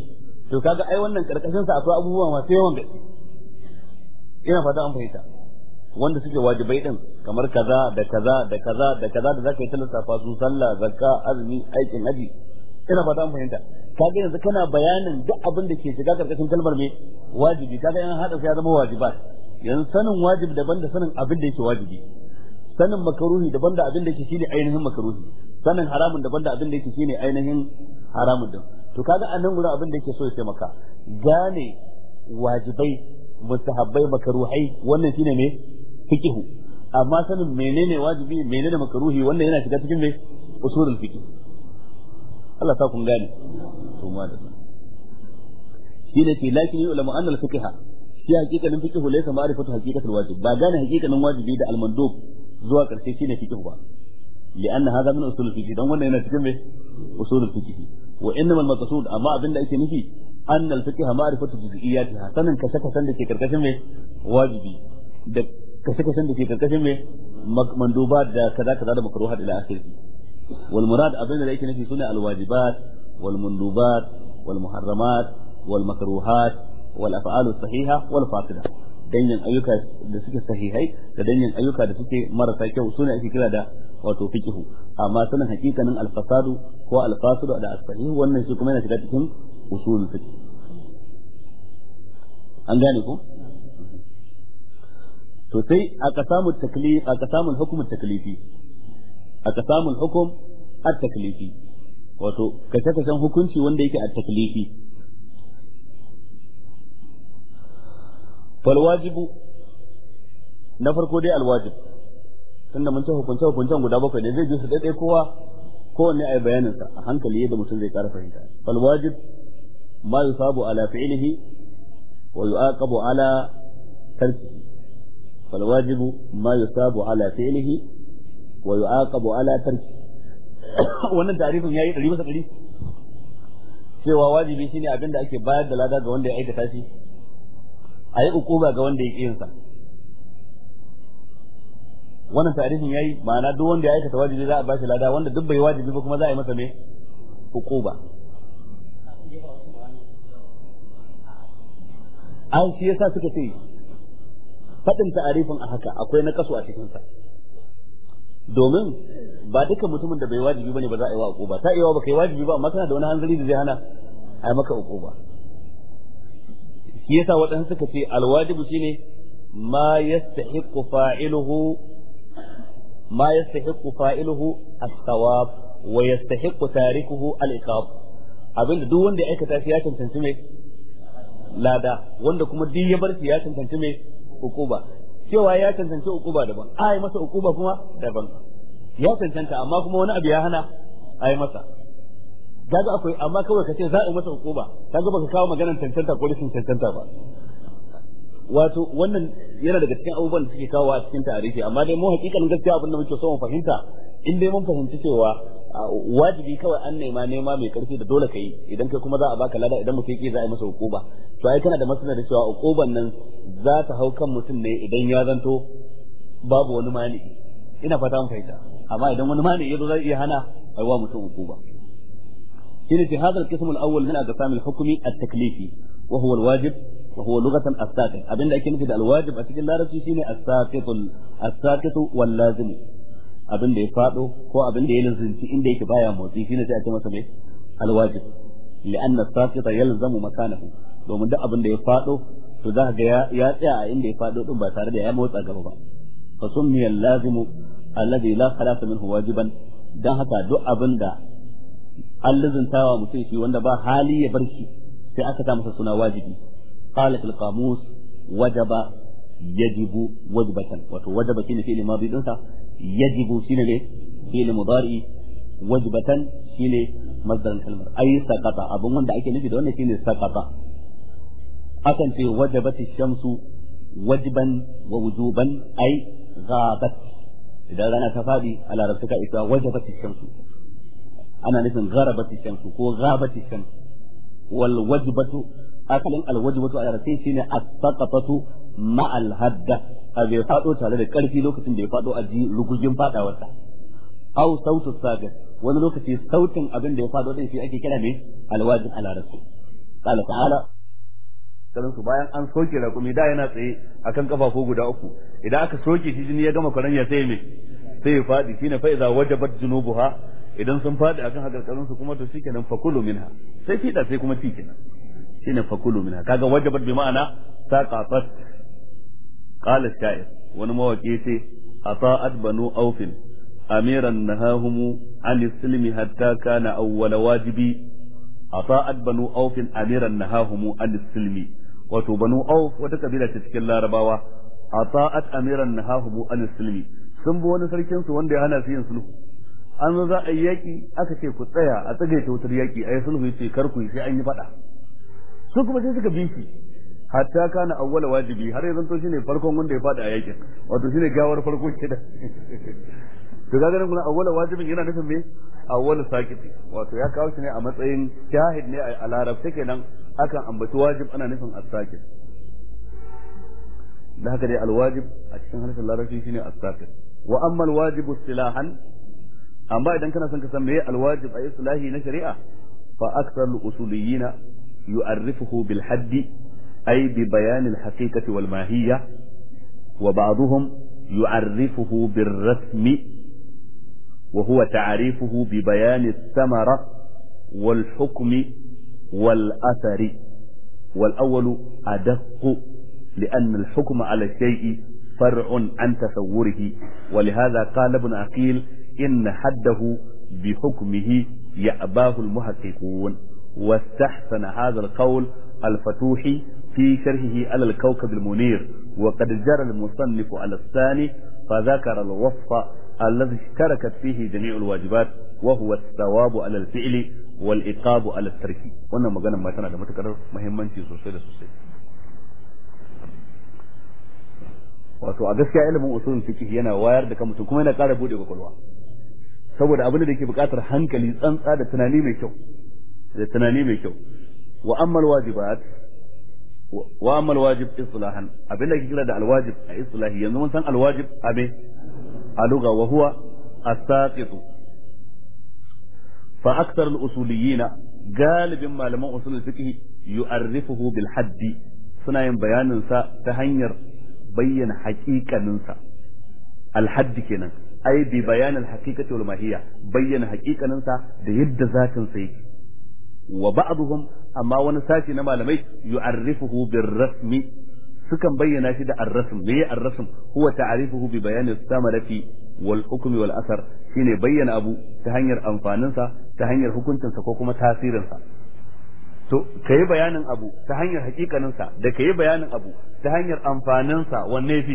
to kaga ai wannan karkashin sa akwai abubuwa masu yawan gaske ina fata an fahimta wanda suke wajibai din kamar kaza da kaza da kaza da kaza da zaka yi ta lissafa su sallah zakka azumi aikin haji ina fata an fahimta kaga yanzu kana bayanin duk abin da ke shiga karkashin kalmar me wajibi kaga yan hada sai ya zama wajibat yanzu sanin wajib daban da sanin abin da yake wajibi sanin makaruhi daban da abin da yake shine ainihin makaruhi sanin haramun daban da abin da yake shine ainihin haramun din to kaga a gura abin da yake so ya ce maka gane wajibai mustahabbai makaruhai wannan shine ne fikihu. amma sanin menene wajibi menene makaruhi wannan yana shiga cikin me usulul fiqh Allah ta kun gane to ma da shine ce lakin ulama annal fiqh shi hakikanin fiqh laysa ma'rifatu haqiqatul wajib ba gane hakikanin wajibi da almandub zuwa karshe shine fiqh ba li'anna hadha min usul al-fiqh dan wannan yana cikin me usul al-fiqh wa innama al-maqsud amma abinda ake nufi an al-fiqh ma'rifatu juz'iyyatiha sanin ka saka san da ke karkashin me wajibi da ka saka san da ke karkashin me manduba da kaza kaza da makruhat ila akhirih wal murad da yake nufi sunan al-wajibat wal mundubat wal muharramat wal makruhat wal af'al as-sahiha wal fasida dangin ayyuka da suke sahihai da dangin ayyuka da suke marasa kyau ne ake kira da wato fiqhu amma sanin hakikanin al-fasadu ko al-fasidu da as-sahih wannan shi kuma yana shiga cikin usulul fiqh an gane ku. to sai aka samu taklif aka samu hukum taklifi aka samu hukum at-taklifi wato kashe-kashen hukunci wanda yake at-taklifi falwajibu na farko dai alwajib tunda mun ce hukunce hukuncen guda bakwai ne zai ji su daidai kowa kowanne ai bayanin sa a hankali yadda mutum zai ƙara fahimta falwajib ma yusabu ala fi'lihi wa yu'aqabu ala tarki, tarkihi فالواجب ما يصاب على فعله ويعاقب ala tarki, wannan tarifin yayi dari bisa dari cewa wajibi shine abin da ake bayar da lada ga wanda ya aikata shi a yi ukuba ga wanda ya ƙi yinsa wannan tarihin yayi ma'ana duk wanda ya aikata wajibi za a bashi lada wanda duk bai wajibi ba kuma za a yi masa ne ukuba an shi yasa suka ce faɗin ta'arifin a haka akwai na kaso a cikinsa domin ba duka mutumin da bai wajibi ba ne ba za a yi wa ukuba ta iya wa ba kai wajibi ba amma kana da wani hanzari da zai hana a maka ukuba shi yasa waɗansu suka ce alwajibu shine ma yastahiqqu fa'iluhu ma yastahiqqu fa'iluhu as-sawab wa yastahiqqu tarikuhu al-iqab abinda duk wanda ya aikata shi ya cancanci mai lada wanda kuma duk ya bar shi ya cancanci mai hukuma cewa ya cancanci hukuma daban ai masa hukuma kuma daban ya cancanta amma kuma wani abu ya hana ai masa kaga akwai amma kawai kace za a masa hukuma kaga baka kawo maganar tantanta ko rashin tantanta ba wato wannan yana daga cikin abubuwan da suke kawo a cikin tarihi amma dai mu hakikanin gaskiya abin da muke so mu fahimta in dai mun fahimci cewa wajibi kawai an nema nema mai karfi da dole kai idan kai kuma za a baka lada idan mutum yake za a masa hukuma to ai kana da masana da cewa hukuman nan za ta hau kan mutum ne idan ya zanto babu wani mani ina fata mun fahimta amma idan wani mani ya zo zai iya hana aiwa mutum hukuma shine ce hadal qism al-awwal min aqsam al-hukmi at-taklifi wa huwa al-wajib wa huwa lughatan as-saqit abinda ake nufi da al-wajib a cikin larabci shine as-saqit as-saqit wal lazim abinda ya fado ko abinda ya lazimci inda yake baya motsi shine sai a ce masa me al-wajib li'anna as-saqita yalzamu makanahu domin duk abinda ya fado to za ga ya tsaya a inda ya fado din ba tare da ya motsa gaba ba fa summiya al-lazimu alladhi la khalafa minhu wajiban dan haka duk abinda an lazantawa mutum shi wanda ba hali ya bar shi sai aka ta masa suna wajibi qala fil qamus wajaba yajibu wajibatan wato wajaba shine fi'il madi dinsa yajibu shine ne fi'il mudari wajibatan shine masdarin kalmar ay saqata abun wanda ake nufi da wannan shine saqata akan ce wajabati shamsu wajiban wa wujuban ay ghabat idan rana ta fadi a larabta ka ita wajabati shamsu ana nufin gharabati shamsu ko ghabati shamsu wal wajbatu akalin al wajbatu a yarfe shine as-saqafatu ma al hadda abi fado tare da karfi lokacin da ya fado a ji rugugin fadawarsa aw sautu sagat wani lokaci sautin abin da ya fado din shi ake kira ne al wajib ala rasul qala ta'ala su bayan an soke raƙumi da yana tsaye akan ko guda uku idan aka soke shi jini ya gama kwaranya sai me sai ya fadi shine fa iza wajabat junubuha idan sun faɗi akan hakarkarin su kuma to shikenan fakulu minha sai fida sai kuma shikenan shine fakulu minha kaga wajabat bi ma'ana saqafat qala sha'ir wani mawaki yace ata'at banu aufin amiran nahahum an islimi hatta kana awwal wajibi ata'at banu aufin amiran nahahum an islimi wato banu awf wata kabila ce cikin larabawa ata'at amiran nahahum an islimi sun bi wani sarkin su wanda ya hana su yin sulhu an zo za a yi yaƙi aka ce ku tsaya a ta wutar yaƙi a yi sulhu ce kar ku yi sai an yi faɗa su kuma sai suka bi shi hatta kana awwala wajibi har yanzu to shine farkon wanda ya faɗi a yaƙin wato shine gawar farko kenan to ga ganin kuma awwala wajibin yana nufin me awwala sakiti wato ya kawo shi ne a matsayin jahid ne a larabce kenan akan ambaci wajib ana nufin as-sakit da haka dai alwajib wajib a cikin harshen larabci shine as-sakit wa amma al-wajibu silahan amma idan kana son ka san meye alwajib a islahi na shari'a fa aktsar al-usuliyina yu'arrifuhu bil hadd ay bi bayan al-haqiqati wal mahiyya wa ba'dhum yu'arrifuhu bir rasmi wa huwa bi bayan وهو wal ببيان الثمرة والحكم والأثر والأول أدق لأن الحكم على الشيء فرع عن تصوره ولهذا قال ابن عقيل إن حده بحكمه يأباه المحققون واستحسن هذا القول الفتوحي في شرحه على الكوكب المنير وقد جرى المصنف على الثاني فذكر الوصف الذي اشتركت فيه جميع الواجبات وهو الثواب على الفعل والإقاب على الترك وانا ما قلنا ما da matukar muhimmanci sosai da sosai wato a gaskiya ilimin usulun fiqh yana wayar da kan mutum kuma yana ƙara saboda abin da yake buƙatar hankali tsantsa da tunani mai kyau da tunani mai kyau wa amal wajibat wa amal wajib islahan abin da yake kira da alwajib a islahi yanzu mun san alwajib abin me a lugha wa huwa as-saqit fa akthar al-usuliyyin galibin malaman usul fiqh yu'arrifuhu bil hadd suna yin bayanin sa ta hanyar bayyana haƙiƙanin sa al-hadd kenan ai bi bayan al-haqiqati wal mahiyya bayyana hakikaninsa da yadda zatin sa yake wa ba'dhum amma wani sashi na malamai yu'arrifuhu bir rasmi sukan bayyana shi da ar-rasm me ar-rasm huwa ta'rifuhu bi bayan al-samarati wal hukmi wal athar shine bayyana abu ta hanyar amfanin sa ta hanyar hukuncin sa ko kuma tasirin sa to kai bayanin abu ta hanyar haqiqanin sa da kai bayanin abu ta hanyar amfanin sa wanne fi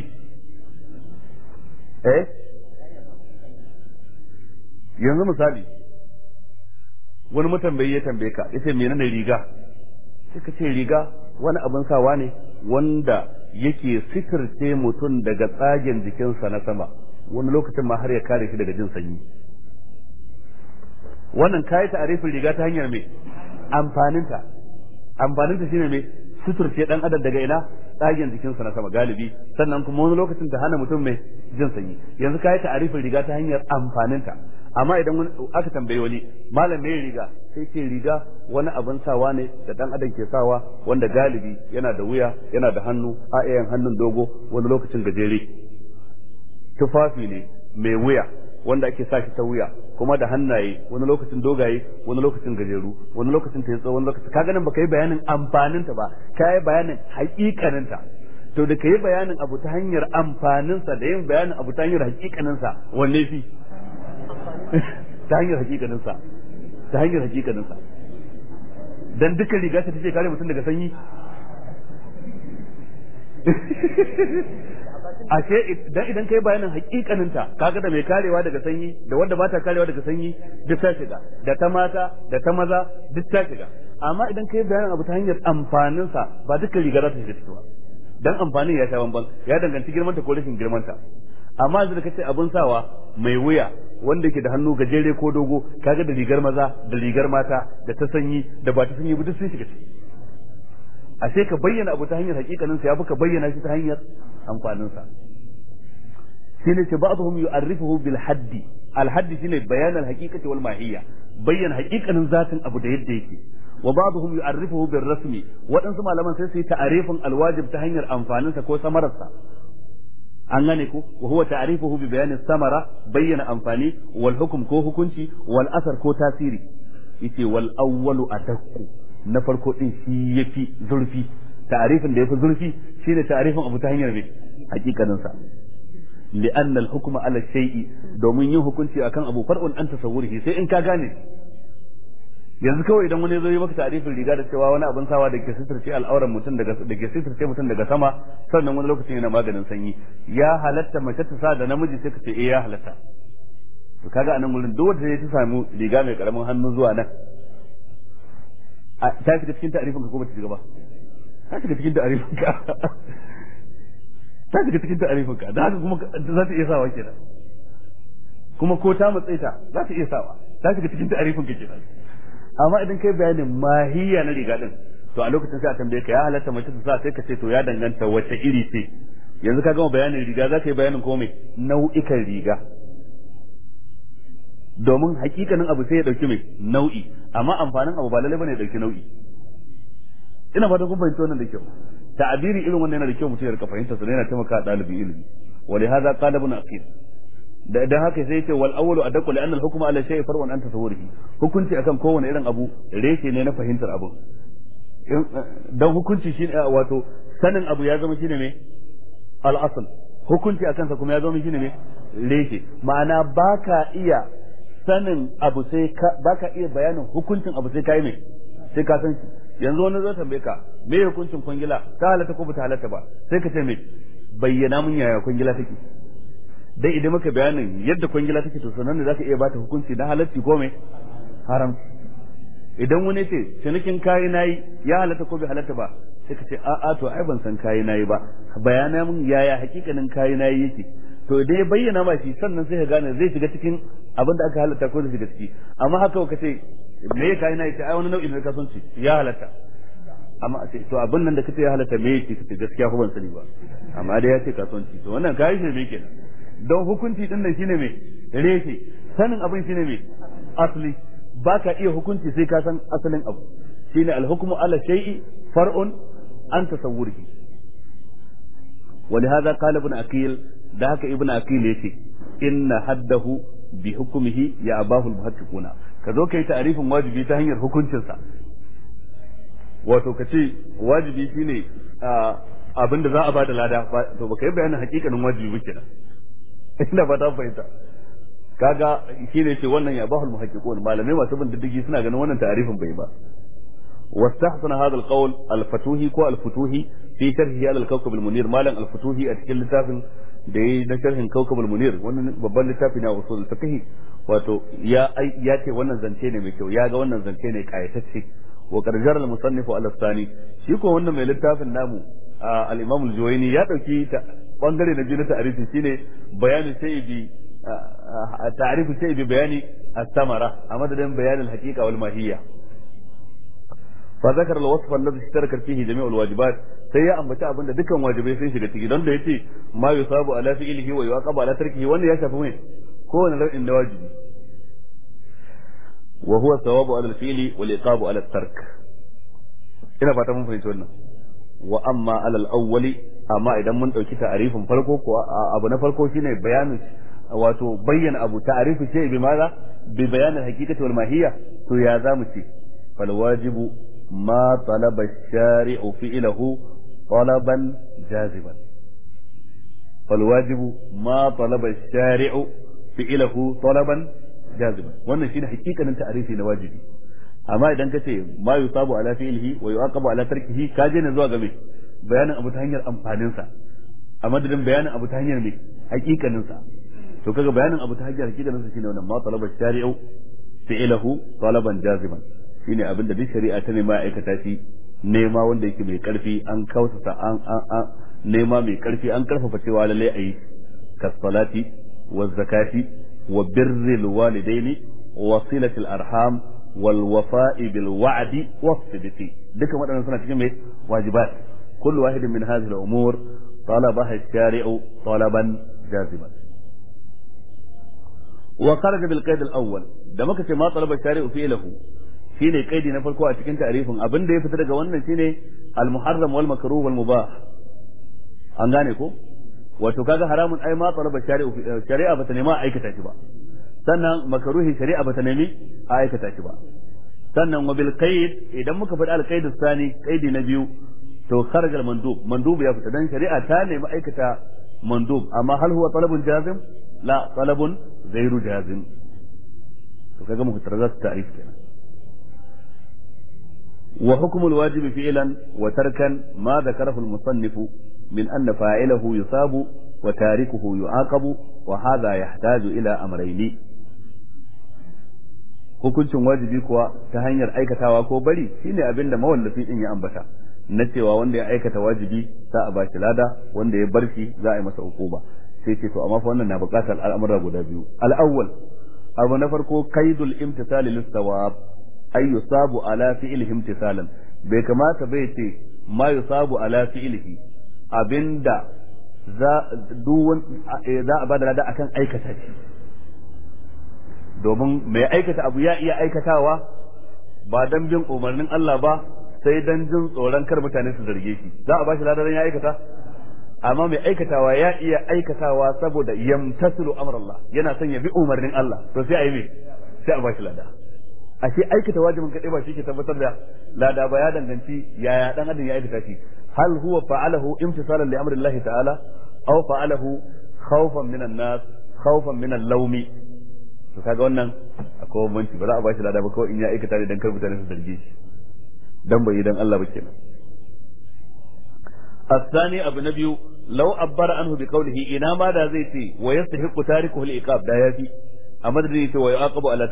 eh yanzu misali wani matambayi ya tambaye ka yace menene riga sai ka ce riga wani abin sawa ne wanda yake sitirce mutum daga tsagen jikinsa na sama wani lokacin ma har ya kare shi daga jin sanyi wannan kayi ta'arifin riga ta hanyar me amfaninta amfaninta shine me suturce dan adam daga ina tsagen jikinsa na sama galibi sannan kuma wani lokacin ta hana mutum mai jin sanyi yanzu kayi ta'arifin riga ta hanyar amfaninta amma idan aka tambaye wani malam me riga sai ce riga wani abin sawa ne da dan adam ke sawa wanda galibi yana da wuya yana da hannu a hannun dogo wani lokacin gajere tufafi ne mai wuya wanda ake sa shi ta wuya kuma da hannaye wani lokacin dogaye wani lokacin gajeru wani lokacin ta wani lokacin ka ganin baka yi bayanin amfanin ta ba ka yi bayanin hakikanin ta to da ka yi bayanin abu ta hanyar amfanin sa da yin bayanin abu ta hanyar hakikanin sa wanne fi ta hanyar hakikaninsa ta hanyar hakikaninsa don dan dukkan riga ta take kare mutum daga sanyi ashe dan idan kai bayanin hakikanin ta kaga da mai karewa daga sanyi da wanda ba ta karewa daga sanyi duk ta shiga da ta mata da ta maza duk ta shiga amma idan kai bayanin abu ta hanyar amfanin sa ba dukkan riga za ta shiga cikin dan amfanin ya sha bamban ya danganci girman ta ko rashin girman ta amma yanzu da kace abun sawa mai wuya wanda ke da hannu gajere ko dogo kaga da rigar maza da rigar mata da ta sanyi da ba ta sanyi ba duk sun shiga ciki ashe ka bayyana abu ta hanyar hakikanin sa yafi ka bayyana shi ta hanyar amfanin sa shi ne ce ba'dhum yu'arrifuhu bil haddi al haddi shine bayan al haqiqati wal mahiyya bayyana hakikanin zatin abu da yadda yake wa ba'dhum yu'arrifuhu bir rasmi waɗansu malaman sai su yi ta'arifin al wajib ta hanyar amfanin sa ko samararsa an gane ko wa huwa ta'rifuhu bi bayanin samara bayyana amfani wal hukm ko hukunci wal asar ko tasiri yace wal awwalu adakku na farko din shi yafi zurfi ta'rifin da yafi zurfi shine ta'rifin abu ta hanyar ne hakikanin sa li'anna al hukma ala shay'i domin yin hukunci akan abu far'un an tasawwurihi sai in ka gane yanzu kawai idan wani zo yi maka tarifin riga da cewa wani abin sawa da ke sitirce al'auran mutum daga da ke sitirce mutum daga sama sannan wani lokacin yana maganin sanyi ya halatta mace ta sa da namiji sai ka ce eh ya halatta to kaga anan gurin duk wanda ta samu riga mai karamin hannu zuwa nan ta shiga cikin tarifin ka ko bata shiga ba ta shiga cikin tarifin ka ta shiga cikin tarifin ka da haka kuma za ta iya sawa kenan kuma ko ta matsaita za ta iya sawa ta shiga cikin tarifin ka kenan amma idan kai bayanin mahiya na riga din to a lokacin sai a tambaye ka ya halatta mace ta sa sai ka ce to ya danganta wace iri ce yanzu ka gama bayanin riga za ka yi bayanin komai nau'ikan riga domin hakikanin abu sai ya dauki mai nau'i amma amfanin abu ba lalle bane ya dauki nau'i ina fata kun fahimci wannan da kyau ta'abiri irin wannan yana da kyau mutum ya rika fahimta sa yana taimaka ɗalibi ilimi wa li hadha qala ibn aqil dan haka sai yace wal awwalu adaqu li anna al hukma ala shay'in far'un an tasawwurihi hukunci akan kowane irin abu reshe ne na fahimtar abu dan hukunci shi wato sanin abu ya zama shine me al asl hukunci akan sa kuma ya zama shine me reshe ma'ana baka iya sanin abu sai baka iya bayanin hukuncin abu sai kai mai sai ka san shi yanzu wani zai tambaye ka me hukuncin kwangila ta halatta ko ba ta halatta ba sai ka ce me bayyana mun yaya kwangila take dai idan muka bayanin yadda kwangila take to sanan ne zaka iya bata hukunci na halatti ko me haram idan wani ce cinikin kai nayi ya halatta ko bai halatta ba sai ka ce a a to ai ban san kai nayi ba bayana mun yaya hakikanin kai nayi yake to idan ya bayyana ma shi sannan sai ka gane zai shiga cikin abin da aka halatta ko zai shiga ciki amma haka ka ce me ya kayi nayi ai wani nau'in na kasuwanci ya halatta amma a ce to abin nan da kace ya halatta me yake kace gaskiya ko ban sani ba amma dai ya ce kasuwanci to wannan kai shi me kenan don hukunci din nan shine me reshe sanin abin shine me asli ba ka iya hukunci sai ka san asalin abu shine alhukmu ala shay'i far'un an tasawwurihi ولهذا قال ابن أكيل ذاك haddahu bi يتي ya حده بحكمه يا أباه المحققون كذلك تعريف واجبي تهنير حكم شرسا wato ka wajibi shine ah, abinda da za a bada lada to baka yi bayanin hakikanin wajibi kenan ina ba ta fahimta kaga shi ne ce wannan ya bahul muhaqqiqun malamai masu bin diddigi suna ganin wannan ta'arifin bai ba واستحسن هذا القول الفتوهي كو fi في شرحه على الكوكب المنير مالا a cikin littafin da yi na sharhin kawkabul munir wannan babban littafi na usul fiqh wato ya ya ce wannan zance ne mai kyau ya ga wannan zance ne kayatacce wa qarjar al musannif al asani shi ko wannan mai littafin namu al imam al juwayni ya dauki bangare na biyu na ta'arifi shine bayanin sai bi ta'arifi sai bi bayani as-samara a madadin bayanin al-haqiqa wal mahiyya fa zakara al-wasf alladhi ishtaraka fihi jami' al-wajibat sai ya ambaci abinda dukkan wajibai sun shiga ciki don da yace ma yusabu ala fi'lihi wa yuqabu ala tarkihi wanda ya shafi mai kowane nau'in da wajibi wa huwa thawabu ala al-fi'li wal iqabu ala at-tark ina fata mun fahimci wannan wa amma ala al-awwali amma idan mun dauki ta'arifin farko ko abu na farko shine bayanin wato bayyana abu ta'arifu ce bi mala bi bayanin hakikati wal mahiyya to ya za mu ce fal wajibu ma talaba shari'u fi'lahu talaban jaziban fal wajibu ma talaba shari'u fi'lahu talaban jaziban wannan shine hakikanin ta'arifi na wajibi amma idan kace ma yusabu ala fi'lihi wa yu'aqabu ala tarkihi ka je ne zuwa ga me bayanin abu ta hanyar amfaninsa a madadin bayanin abu ta hanyar mai hakikaninsa. to kaga bayanin abu ta hanyar hakikanin sa shine wannan ma talaba shari'u fi'lahu talaban jaziman shine abin da duk shari'a ta nema aikata shi nema wanda yake mai karfi an kautata an an nema mai karfi an karfafa cewa lalle ayi kasalati wa zakati wa birril walidaini wa silatil arham wal wafa'i bil wa'di was sidqi duka waɗannan suna cikin mai wajibat كل واحد من هذه الأمور طلبها الشارع طلبا جازما وخرج بالقيد الأول da muka ce ma talaba shari'u fi'lahu shine kaidi na farko a cikin ta'rifin abin ya fita daga wannan shine al-muharram wal an gane ko wato kaga haramun ai ma talaba shari'u shari'a bata nema ba sannan ba sannan wa idan muka faɗi al sani kaidi na biyu to kharaja mandub mandub ya fita dan shari'a ta nemi aikata mandub amma hal huwa talabun jazim la talabun zairu jazim to kaga mu fitar zasu ta kenan wa hukmul wajibi fi'lan wa tarkan ma dhakarahu al-musannif min anna fa'ilahu yusabu wa tarikuhu yu'aqabu wa hadha yahtaju ila amrayni hukuncin wajibi kuwa ta hanyar aikatawa ko bari shine abinda mawallafi din ya ambata na cewa wanda ya aikata wajibi za a bashi lada wanda ya bar shi za a yi masa hukuma sai ce to amma fa wannan na buƙatar al'amura guda biyu al'awwal abu na farko kaidul imtisali lis sawab ay yusabu ala fi'lihi imtisalan bai kamata bai ce ma yusabu ala fi'lihi abinda za duwan eh, za a bada lada akan aikata shi domin mai aikata abu ya iya aikatawa ba dan bin umarnin Allah ba sai dan jin tsoron kar mutane su zarge shi za a bashi ladan ya aikata amma mai aikatawa ya iya aikatawa saboda yamtasilu amrullah yana son ya bi umarnin Allah to sai a yi me sai a bashi lada ashe aikata wajibin kadai ba shi ke tabbatar da lada ba ya danganci yaya dan adam ya aikata shi hal huwa fa'alahu imtisalan li amrillah ta'ala aw fa'alahu khawfan minan nas khawfan minan lawmi to kaga wannan akwai banci ba za a bashi lada ba kawai in ya aikata ne dan kar mutane su zarge shi Dambo i, idan Allah ba ke nan. Asane abu na biyu lau abar an huɗu ƙawla ina ma da zai ce wayar ta hiƙo tarihi ka da ya Amadu ya ce wayu a kaɓo a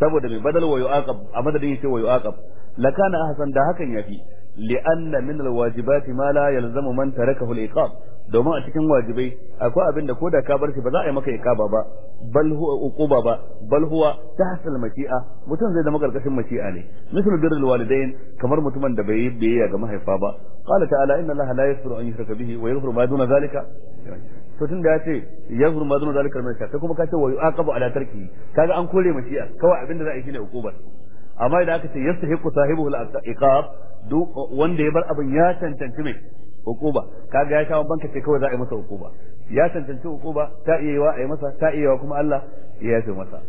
saboda mai badal wayu a Amadu yana cin wayu a kaɓ. Lakana Hassan da hakan yafi fi li'an da min wajiba ma la ya zama man tare ka wani domin a cikin wajibai akwai abin da koda ka bar shi ba za a yi maka ikaba ba bal huwa uquba ba bal huwa tahsil mashi'a mutum zai zama karkashin mashi'a ne misal birrul walidain kamar mutumin da bai yi biyayya ga mahaifa ba qala ta'ala inna allaha la yaghfiru an yushraka bihi wa yaghfiru ma duna zalika to tunda ya ce yaghfiru ma duna zalika min shirka kuma ka ce wa yu'aqabu ala tarki kaga an kore mashi'a kawai abin da za a yi shine uquba amma idan aka ce yastahiqu sahibuhu al-iqab wanda ya bar abin ya cancanci mai hukuba kaga ya sha banka ce kawai za a yi masa hukuba ya cancanci hukuba ta iya yiwa a yi masa ta iya wa kuma Allah ya yafe masa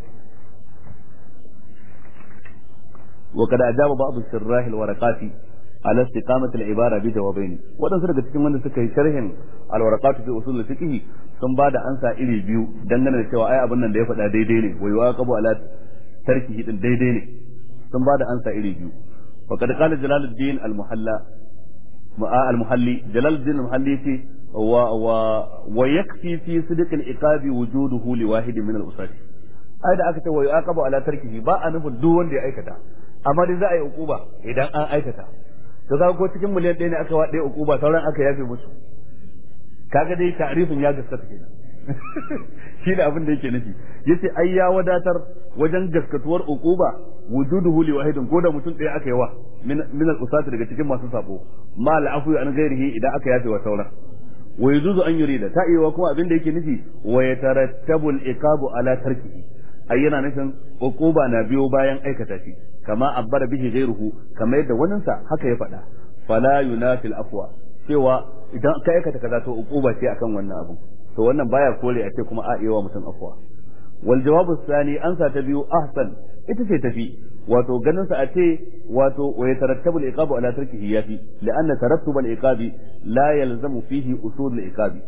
وقد أجاب بعض الشراح الورقات على استقامة العبارة بجوابين وأنا سرق تكون من سكة شرح الورقات في أصول الفقه sun ba da ansa iri biyu dangane da cewa ai abin nan da ya faɗa daidai ne wa yuqabu ala tarkihi din daidai ne sun ba da ansa iri biyu faqad qala jalaluddin al-muhalla al-muhalli jalal din muhalli ce wa wa wa yakfi fi sidq al-iqabi wujuduhu li wahid min al-usat ai aka ce wa yuqabu ala tarkihi ba a nufin ya aikata amma za a yi uquba idan an aikata to kaga ko cikin miliyan ɗaya ne aka wa ɗaya sauran aka yafe musu kaga dai ta'rifin ya gaskata kenan shi da abin da yake nufi yace ai ya wadatar wajen gaskatuwar uquba wujuduhu li wahidin ko da mutum ɗaya aka yi wa min al daga cikin masu sabo ma al an ghairihi idan aka yafe wa saura wa zuzu an yurida ta iya kuma abin da yake nufi waya yatarattabu al-iqabu ala tarki. ai yana nufin na biyo bayan aikata shi kama abbara bihi ghairuhu kama yadda waninsa haka ya faɗa fala yunafi al-afwa cewa idan ka aikata kaza to uquba ce akan wannan abu to wannan baya kore a ce kuma a yi wa mutum afwa wal jawabu sani ansa ta biyu ahsan ita ce tafi wato ganin sa a ce wato wa yatarattabu al-iqabu ala tarkihi yafi li'anna tarattub al-iqabi la yalzamu fihi usul al-iqabi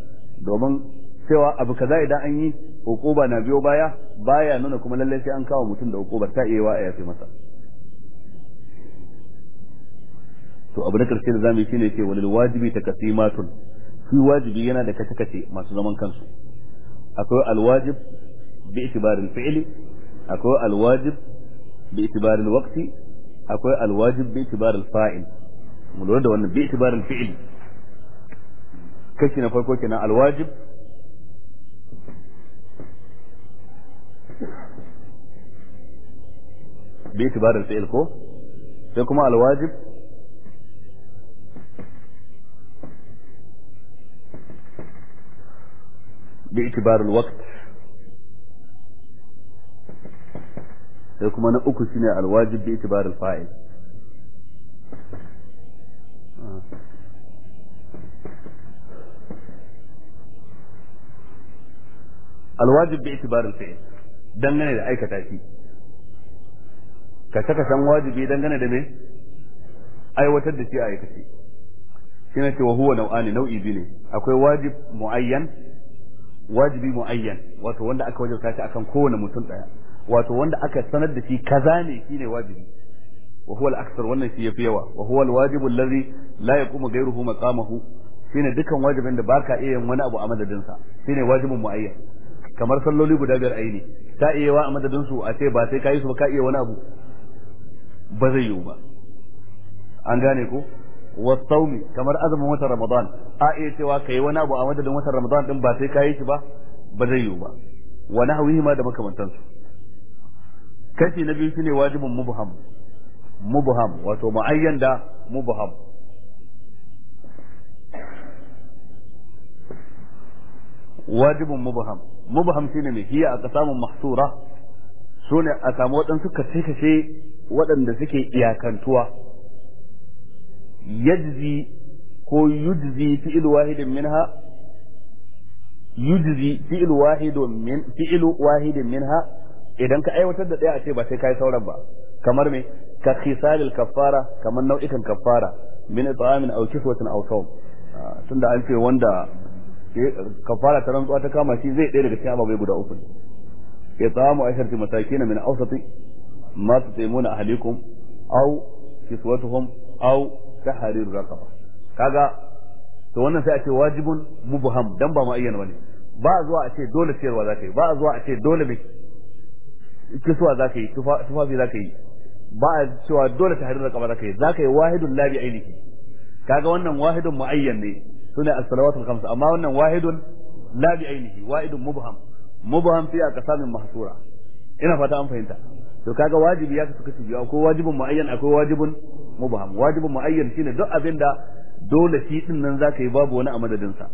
domin cewa abu kaza idan an yi hukuba na biyo baya baya nuna kuma lallai sai an kawo mutum da hukubar ta iya a yafi masa to abu na karshe da zamu yi shine ce walil wajibi takasimatun shi wajibi yana da kace-kace masu zaman kansu akwai alwajib bi'tibari al fi'li akwai alwajib باعتبار الوقت أكو الواجب باعتبار الفاعل ملون ده wannan باعتبار الفعل كشنا فرقو كنا الواجب باعتبار الفعل كو سيكما الواجب باعتبار الوقت sai kuma na uku shine alwajib bi itibar alfa'il alwajib bi itibar alfa'il dangane da aikata shi ka saka san wajibi dangane da me aiwatar da shi a aikace shi ne cewa huwa nau'ani nau'i bi ne akwai wajib mu'ayyan wajibi mu'ayyan wato wanda aka wajabta shi akan kowane mutum daya wato wanda aka sanar da shi kaza ne shine wajibi wa huwa al-akthar wannan shi yafi yawa wa huwa al-wajib alladhi la yaqumu ghayruhu maqamahu shine dukan wajibin da baka iya yin wani abu a madadin sa shine wajibin muayyan kamar salloli guda biyar aini ta iya wa a madadin su a ce ba sai ka yi su ba ka iya wani abu ba zai yiwu ba an gane ko wasaumi kamar azumin watan ramadan a iya cewa ka yi wani abu a madadin watan ramadan din ba sai ka yi shi ba ba zai yiwu ba wa nahwihi ma da makamantansu kashi na biyu shine wajibin mubham mubham wato ma'ayyan da mubham wajibin mubham mubham shine mai hiya aka samu mahsura sune a samu waɗansu kace-kace waɗanda suke iyakantuwa yajzi ko yujzi fi'il wahidin minha yujzi min fi'il wahidin minha idan ka aiwatar da ɗaya a ce ba sai ka yi sauran ba kamar me ka khisalil kaffara kamar nau'ikan kaffara min ta'amin aw kiswatin aw sawm ah, tunda an ce wanda kafara ta rantsuwa ta kama shi zai ɗaya daga cikin ababai guda uku ya tsamu a sharti mataki na min ausati ma su taimu na ahalikum au kiswatuhum au tahariru raqaba kaga to wannan sai a ce wajibun mubham dan ba ma ayyana bane ba a zuwa a ce dole ciyarwa za ka yi ba a zuwa a ce dole mai kiswa za ka yi tufafi za ka yi ba a cewa dole ta harin raka za ka yi za ka yi wahidun labi ainihi kaga wannan wahidun mu'ayyan ne ne as-salawatul kamsa amma wannan wahidun labi ainihi wahidun mubham mubham fi aqsamin mahsura ina fata an fahimta to kaga wajibi ya kasu kashi biyu akwai wajibin mu'ayyan akwai wajibin mubham wajibin mu'ayyan shine duk abinda dole shi din nan za ka yi babu wani a madadinsa sa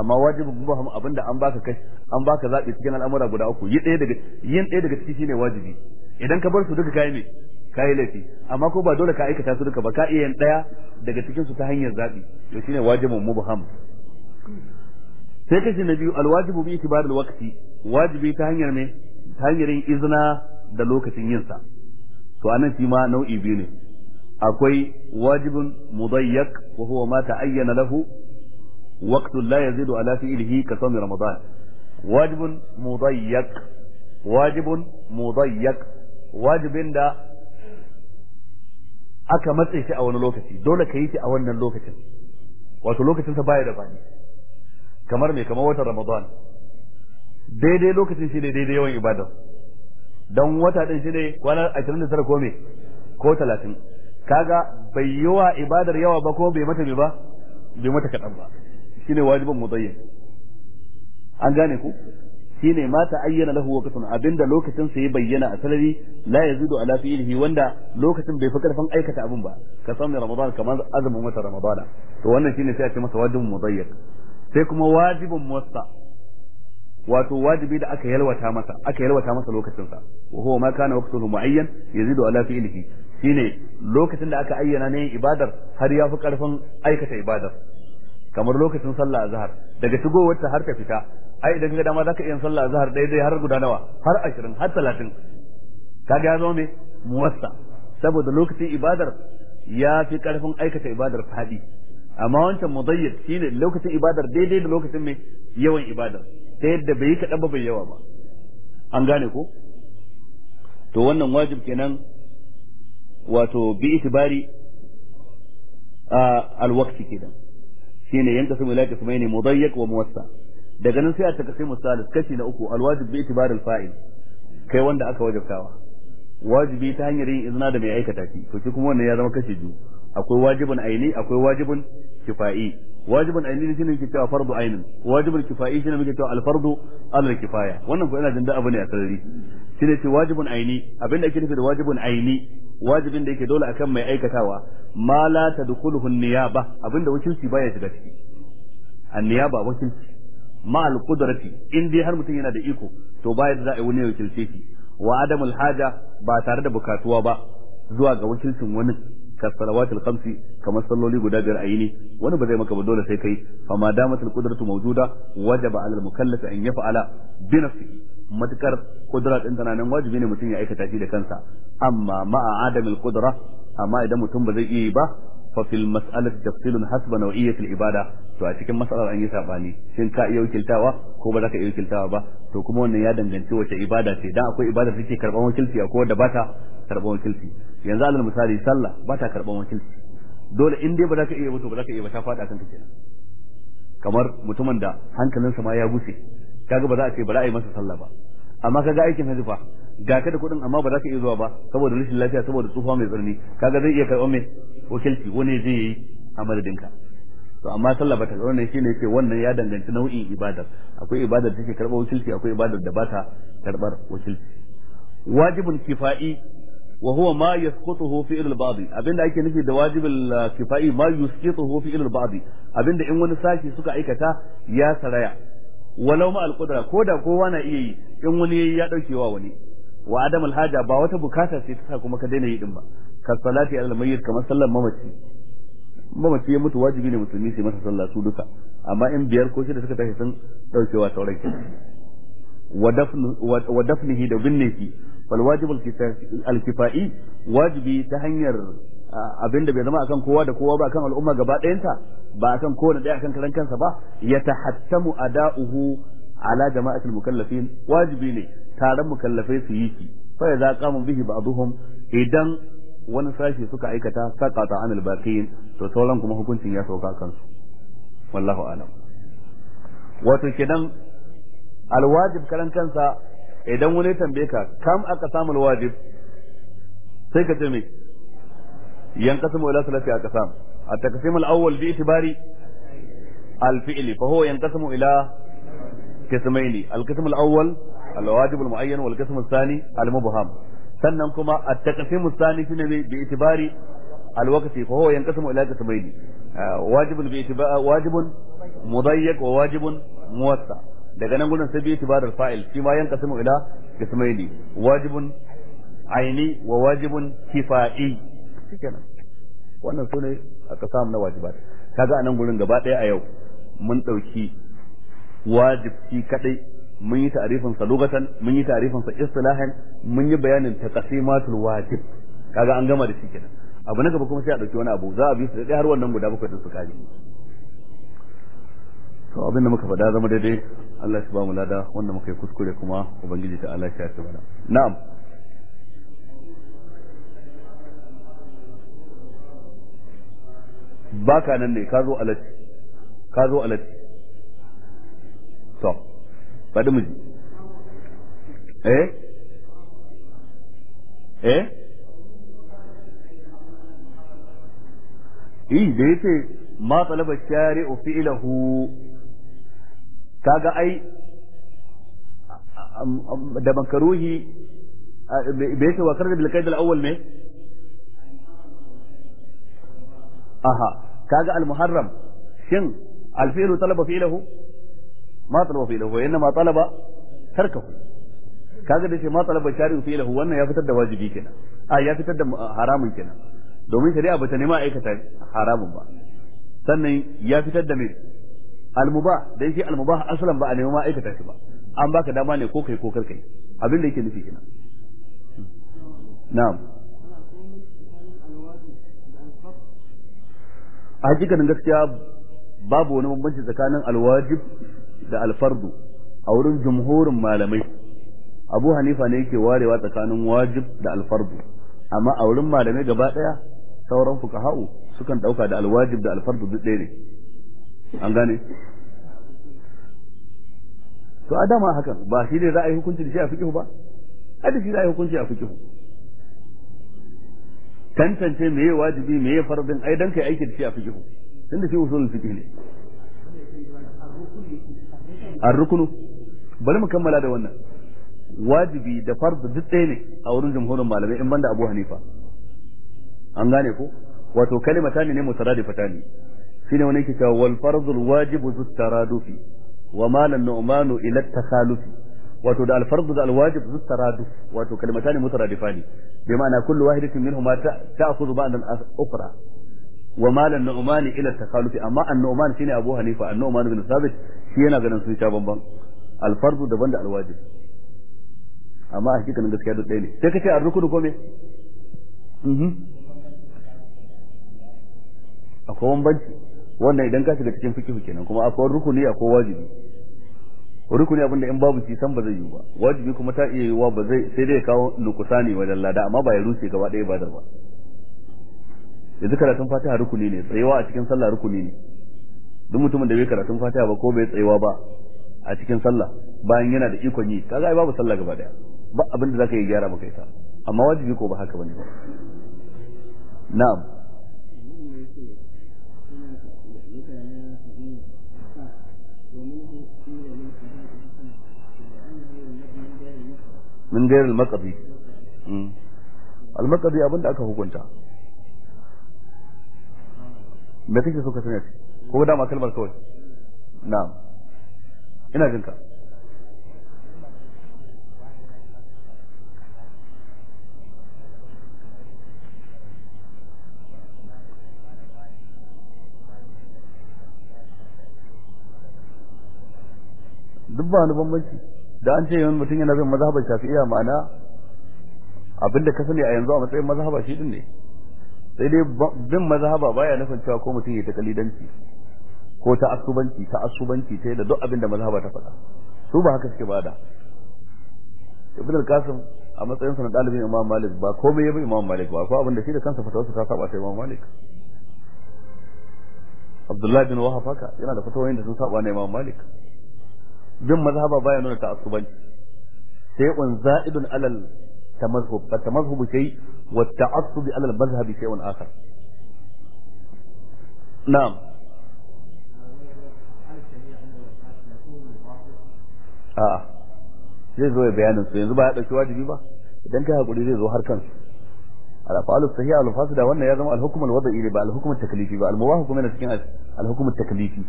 amma wajibi abin abinda an baka kai an baka zabi cikin al'amura guda uku yi ɗaya daga yin ɗaya daga ciki shine wajibi idan ka bar su duka kai ne kai laifi amma ko ba dole ka aikata su duka ba ka iya yin ɗaya daga cikin su ta hanyar zabi to shine wajibin mubham sai kashi na biyu alwajibu bi itibaril waqti wajibi ta hanyar me ta hanyar yin izina da lokacin yin sa to anan shi ma nau'i biyu ne akwai wajibun mudayyak wa huwa ma ta'ayyana lahu وقت لا يزيد على فعله كصوم رمضان واجب مضيق واجب مضيق واجب دا aka matse shi a wani lokaci dole ka yi shi a wannan lokacin wato lokacin sa baya da bani kamar me kamar watan ramadan daidai lokacin shi ne daidai yawan ibada don wata din shi ne kwana 29 ko me ko 30 kaga bai yi wa ibadar yawa ba ko bai mata me ba bai mata kaɗan ba shine wajiban mudayyan an gane ku shine ma ta ayyana lahu waqtun abinda lokacin sa ya bayyana a salari la yazidu ala fi'lihi wanda lokacin bai fi karfin aikata abin ba ka samu ramadan kamar azumin wata ramadana to wannan shine sai a ce masa wajibun mudayyak sai kuma wajibun muwassa wato wajibi da aka yalwata masa aka yalwata masa lokacin sa wa huwa ma kana waqtuhu muayyan yazidu ala fi'lihi shine lokacin da aka ayyana ne ibadar har ya fi karfin aikata ibadar kamar lokacin sallah azhar daga shigowar ta har ta fita ai idan ga dama zaka iya sallah azhar dai dai har guda nawa har 20 har 30 kaga ya zo me muwassa saboda lokacin ibadar ya fi karfin aikata ibadar fadi amma wancan mudayyid shine lokacin ibadar daidai da lokacin mai yawan ibadar ta yadda bai yi kaɗan ba bai yawa ba an gane ko to wannan wajib kenan wato bi itibari a alwakti kenan shine yanka sun ila kuma ne mudayyak wa muwassa daga nan sai a taka sai kashi na uku alwajib bi itibar alfa'il kai wanda aka wajabtawa wajibi ta hanyar yin izina da mai aikata shi to shi kuma wannan ya zama kashi biyu akwai wajibin aini akwai wajibin kifa'i wajibin aini ne shine muke cewa fardu ainin wajibin kifa'i shine muke cewa alfardu alal kifaya wannan ko ina jin da abu ne a sarari shine ce wajibin aini abinda ake nufi da wajibin aini wajibin da yake dole akan mai aikatawa ma la tadkhuluhu an-niyaba abinda wakilci baya shiga ciki an-niyaba wakilci ma al-qudrati in dai har mutum yana da iko to baya da za a yi wani wakilce shi wa al haja ba tare da bukatuwa ba zuwa ga wakilcin wani ka salawatul khamsi kamar salloli guda biyar a wani ba zai maka ba dole sai kai fa ma al qudratu mawjuda wajaba al mukallaf an yaf'ala bi nafsihi matukar kudura din tana nan wajibi ne mutum ya aikata shi da kansa amma ma'a adamul qudrah amma idan mutum ba zai iya yi ba fa fil mas'alati tafsilun hasba naw'iyyati al-ibada to a cikin mas'alar an yi sabani shin ka iya wakiltawa ko ba za ka iya wakiltawa ba to kuma wannan ya danganci wace ibada ce dan akwai ibada da take karban wakilci akwai wanda bata karban wakilci yanzu alal misali sallah bata karban wakilci dole in dai ba za ka iya ba to ba za ka iya ba ta fada ka kenan kamar mutumin da hankalinsa ma ya guse kaga ba za a ce ba za a yi masa sallah ba amma kaga aikin hajji fa ga ka da kuɗin amma ba za ka iya zuwa ba saboda rashin lafiya saboda tsufa mai tsanani kaga zai iya karɓar mai wakilci wani zai yi a madadinka to amma sallah bata shi ne yake wannan ya danganci nau'in ibadar akwai ibadar da take karɓar wakilci akwai ibadar da bata karɓar wakilci Wajibin kifa'i wa huwa ma yasqutuhu fi ilal ba'd abinda ake nufi da wajibul ah, kifa'i ma yasqutuhu fi ilal ba'd abinda in wani sashi suka aikata ya saraya walau ma alqudra ko da kowa na iya yi in wani yayi ya dauke wa wani wa adam alhaja ba wata bukata ce ta sa kuma ka daina yi din ba ka salati alal mayyit kamar sallar mamaci mamaci ya mutu wajibi ne musulmi sai masa sallah su duka amma in biyar ko shi da suka tashi sun daukewa sauran ki wa dafnihi da binnehi fal wajib al kifai wajibi ta hanyar abin da bai zama akan kowa da kowa ba akan al'umma gaba ɗayanta ba akan kowane ɗaya akan karan kansa ba ya tahattamu ada'uhu ala jama'atul mukallafin wajibi ne taron mukallafai su yi shi fa idza qamu bihi ba'dhum idan wani sashi suka aikata saqata anil baqin to sauran kuma hukuncin ya sauka kansu wallahu a'lam wato kidan alwajib karan kansa idan wani tambaye ka kam aka samu alwajib sai ka ce me yanqasimu ila salati aqsam at-taqsim al-awwal bi itibari al-fi'li fa huwa yanqasimu ila qismaini al-qism al-awwal الواجب wajib والقسم الثاني المبهم qism al-thani sannan kuma فهو ينقسم الى قسمين واجب باعتبار واجب al-waqti موسع ila wajibun wajibun wa wajibun daga nan gudun sai bi itibarar fa'il shi ma yanqasimu ila qismayn wajibun aini wa wajibun kifai shikenan wannan sune aka samu na wajibat kaga anan gurin gaba daya a yau mun dauki wajibci kadai mun yi ta'rifin sa lugatan mun yi ta'rifin sa istilahan mun yi bayanin taqsimatul wajib kaga an gama da shi kenan abu na gaba kuma sai a dauki wani abu za a bi su da har wannan guda bakwai din su kare to abin da muka faɗa zama daidai Allah ya ba mu lada wanda muka yi kuskure kuma ubangiji ta Allah ya tsara na'am baka nan ne ka zo alati ka zo alati to faɗi miji eh eh eh da yace ma talaba shari'u fi'lahu kaga ai da makaruhi bai yace wa karda bil qaid al awwal ne aha kaga al muharram shin al fi'lu talaba fi'lahu ma talaba fi lahu yana ma talaba tarkahu kaga da ce ma talaba shari'u fi lahu wannan ya fitar da wajibi kenan a ya fitar da haramun kenan domin shari'a bata nema aikata haramun ba sannan ya fitar da me Almuba dan shi almuba aslan ba a nema aikata shi ba an baka dama ne ko kai ko karkai abin da yake nufi kenan na'am a hakikanin gaskiya babu wani bambanci tsakanin alwajib da alfardu a wurin jumhurin malamai abu hanifa ne yake warewa tsakanin wajib da alfardu amma a wurin malamai gaba daya sauran fuqaha'u sukan dauka da alwajib da alfardu duk ɗaya ne an gane to a dama hakan ba shi ne za a yi hukunci da shi a fiqhu ba a da shi za a yi hukunci a fiqhu tantance meye wajibi meye fardin ai dan kai aiki da shi a fiqhu tunda shi usulul fiqh ne ar-rukunu bari mu kammala da wannan wajibi da fardu duk ɗaya ne a wurin jamhurin malamai in banda Abu Hanifa an gane ko wato kalimatani ne mutaradifatan shine wani yake wal fardu al wajibu wa ma lan nu'manu ila takhalufi wato da al fardu da al wajib zut taraduf wato wa malan nu'mani ila takhalufi amma an-nu'man shine Abu Hanifa an-nu'man ibn Sabit shi yana ganin sun sha bamban al-fardu daban da al-wajib amma a hakikanin gaskiya duk ɗaya ne sai kace a rukunu ko me mhm akwai bambanci wannan idan ka shiga cikin fikihu kenan kuma akwai rukuni ko wajibi rukuni abin da in babu shi san ba zai yi ba wajibi kuma ta iya yi wa ba zai sai dai kawo nukusani wajen lada amma ba ya rushe gaba ɗaya ba da ba yanzu karatun fatiha rukuni ne tsayawa a cikin sallah rukuni ne duk mutumin da bai karatun fatiha ba ko bai tsayawa ba a cikin sallah bayan yana da ikon yi kaga babu sallah gaba daya ba abin da zaka yi gyara maka ita amma wajibi ko ba haka bane ba na'am min gairar makabi hmm. al-makabi abin da aka hukunta me kake so ka sani ko da ma kalmar kawai na'am ina jinka duk ba wani bambanci da an ce yawan mutum yana bin mazhabar shafi'iya ma'ana abinda ka sani a yanzu a matsayin mazhabar shi din ne sai dai bin mazhaba baya nufin cewa ko mutum ya ta kalidanci ko ta asubanci ta asubanci ta da duk abin da mazhaba ta faɗa su ba haka suke bada ibn al-qasim a matsayin sa na dalibin imam malik ba komai ya bi imam malik ba ko abin da shi da kansa fatawarsa ta saba ta imam malik abdullahi bin wahab haka yana da fatawoyin da sun saba na imam malik bin mazhaba baya nuna ta asubanci sai un za'idun alal tamazhub ba tamazhub shay والتعصب على المذهب شيء آخر نعم a'a zai zo ya bayanin su yanzu ba ya dauki wajibi ba idan kai hakuri zai zo har kansu al-afalu sahiha al-fasida wannan ya zama al-hukm al-wada'i ba al-hukm al-taklifi ba al-muwafaq kuma cikin al-hukm al-taklifi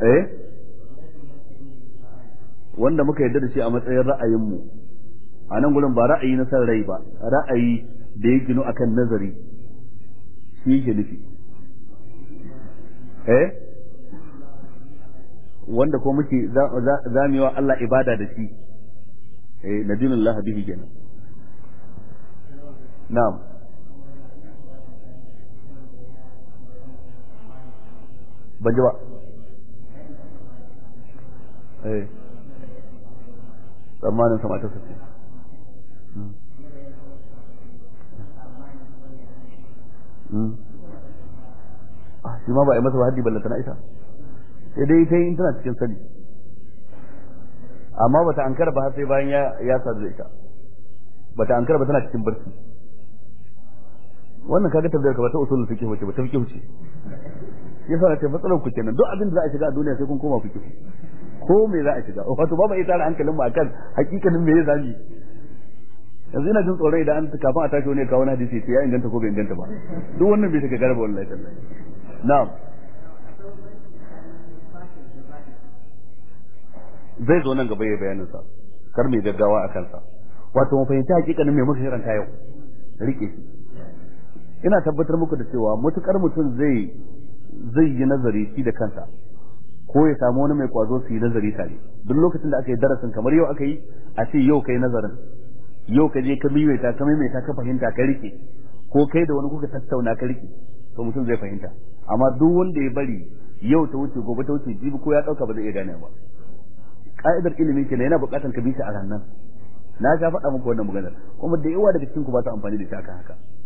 eh wanda muka yarda da shi a matsayin ra'ayinmu a nan gurin ba ra'ayi na san rai ba ra'ayi da ya gino akan nazari shi ke nufi eh wanda ko muke za mu yi wa Allah ibada da shi eh laha bihi kenan na'am ban ji ba eh tsammanin sama ta sace hmm. hmm. a ah, shi ma ba a yi masa haddi ballata na isa sai dai ita in tana cikin sani amma bata ankara ba har sai bayan ya ya sadu da ita bata ankara ba tana cikin barci wannan kaga tabbayar ka ba ta usulul fiqh wace ba ta fiqh ce yasa na ce matsalar ku kenan duk abin da za a shiga a duniya sai kun koma fiqh ko me za a shiga wato ba mu iya tara hankalin mu akan hakikanin me za mu yanzu ina jin tsoron idan kafin a tashi wani kawo na hadisi ya inganta ko bai inganta ba duk wannan bai daga garba wallahi tallahi na'am zai zo nan gaba ya bayanin sa kar mai gaggawa a kansa wato mu fahimci hakikanin me muka shiranta yau rike shi ina tabbatar muku da cewa mutukar mutum zai zai yi nazari shi da kansa ko ya samu wani mai kwazo su yi nazari tare duk lokacin da aka yi darasin kamar yau aka yi a ce yau kai nazarin yau ka je ka maimaita ka maimaita ka fahimta ka rike ko kai da wani kuka tattauna ka rike to mutum zai fahimta amma duk wanda ya bari yau ta wuce gobe ta wuce jibi ko ya dauka ba zai iya gane ba ka'idar ilimi kenan yana bukatan ka bi shi a rannan na sha faɗa muku wannan maganar kuma da yawa daga cikin ku ba su amfani da shi haka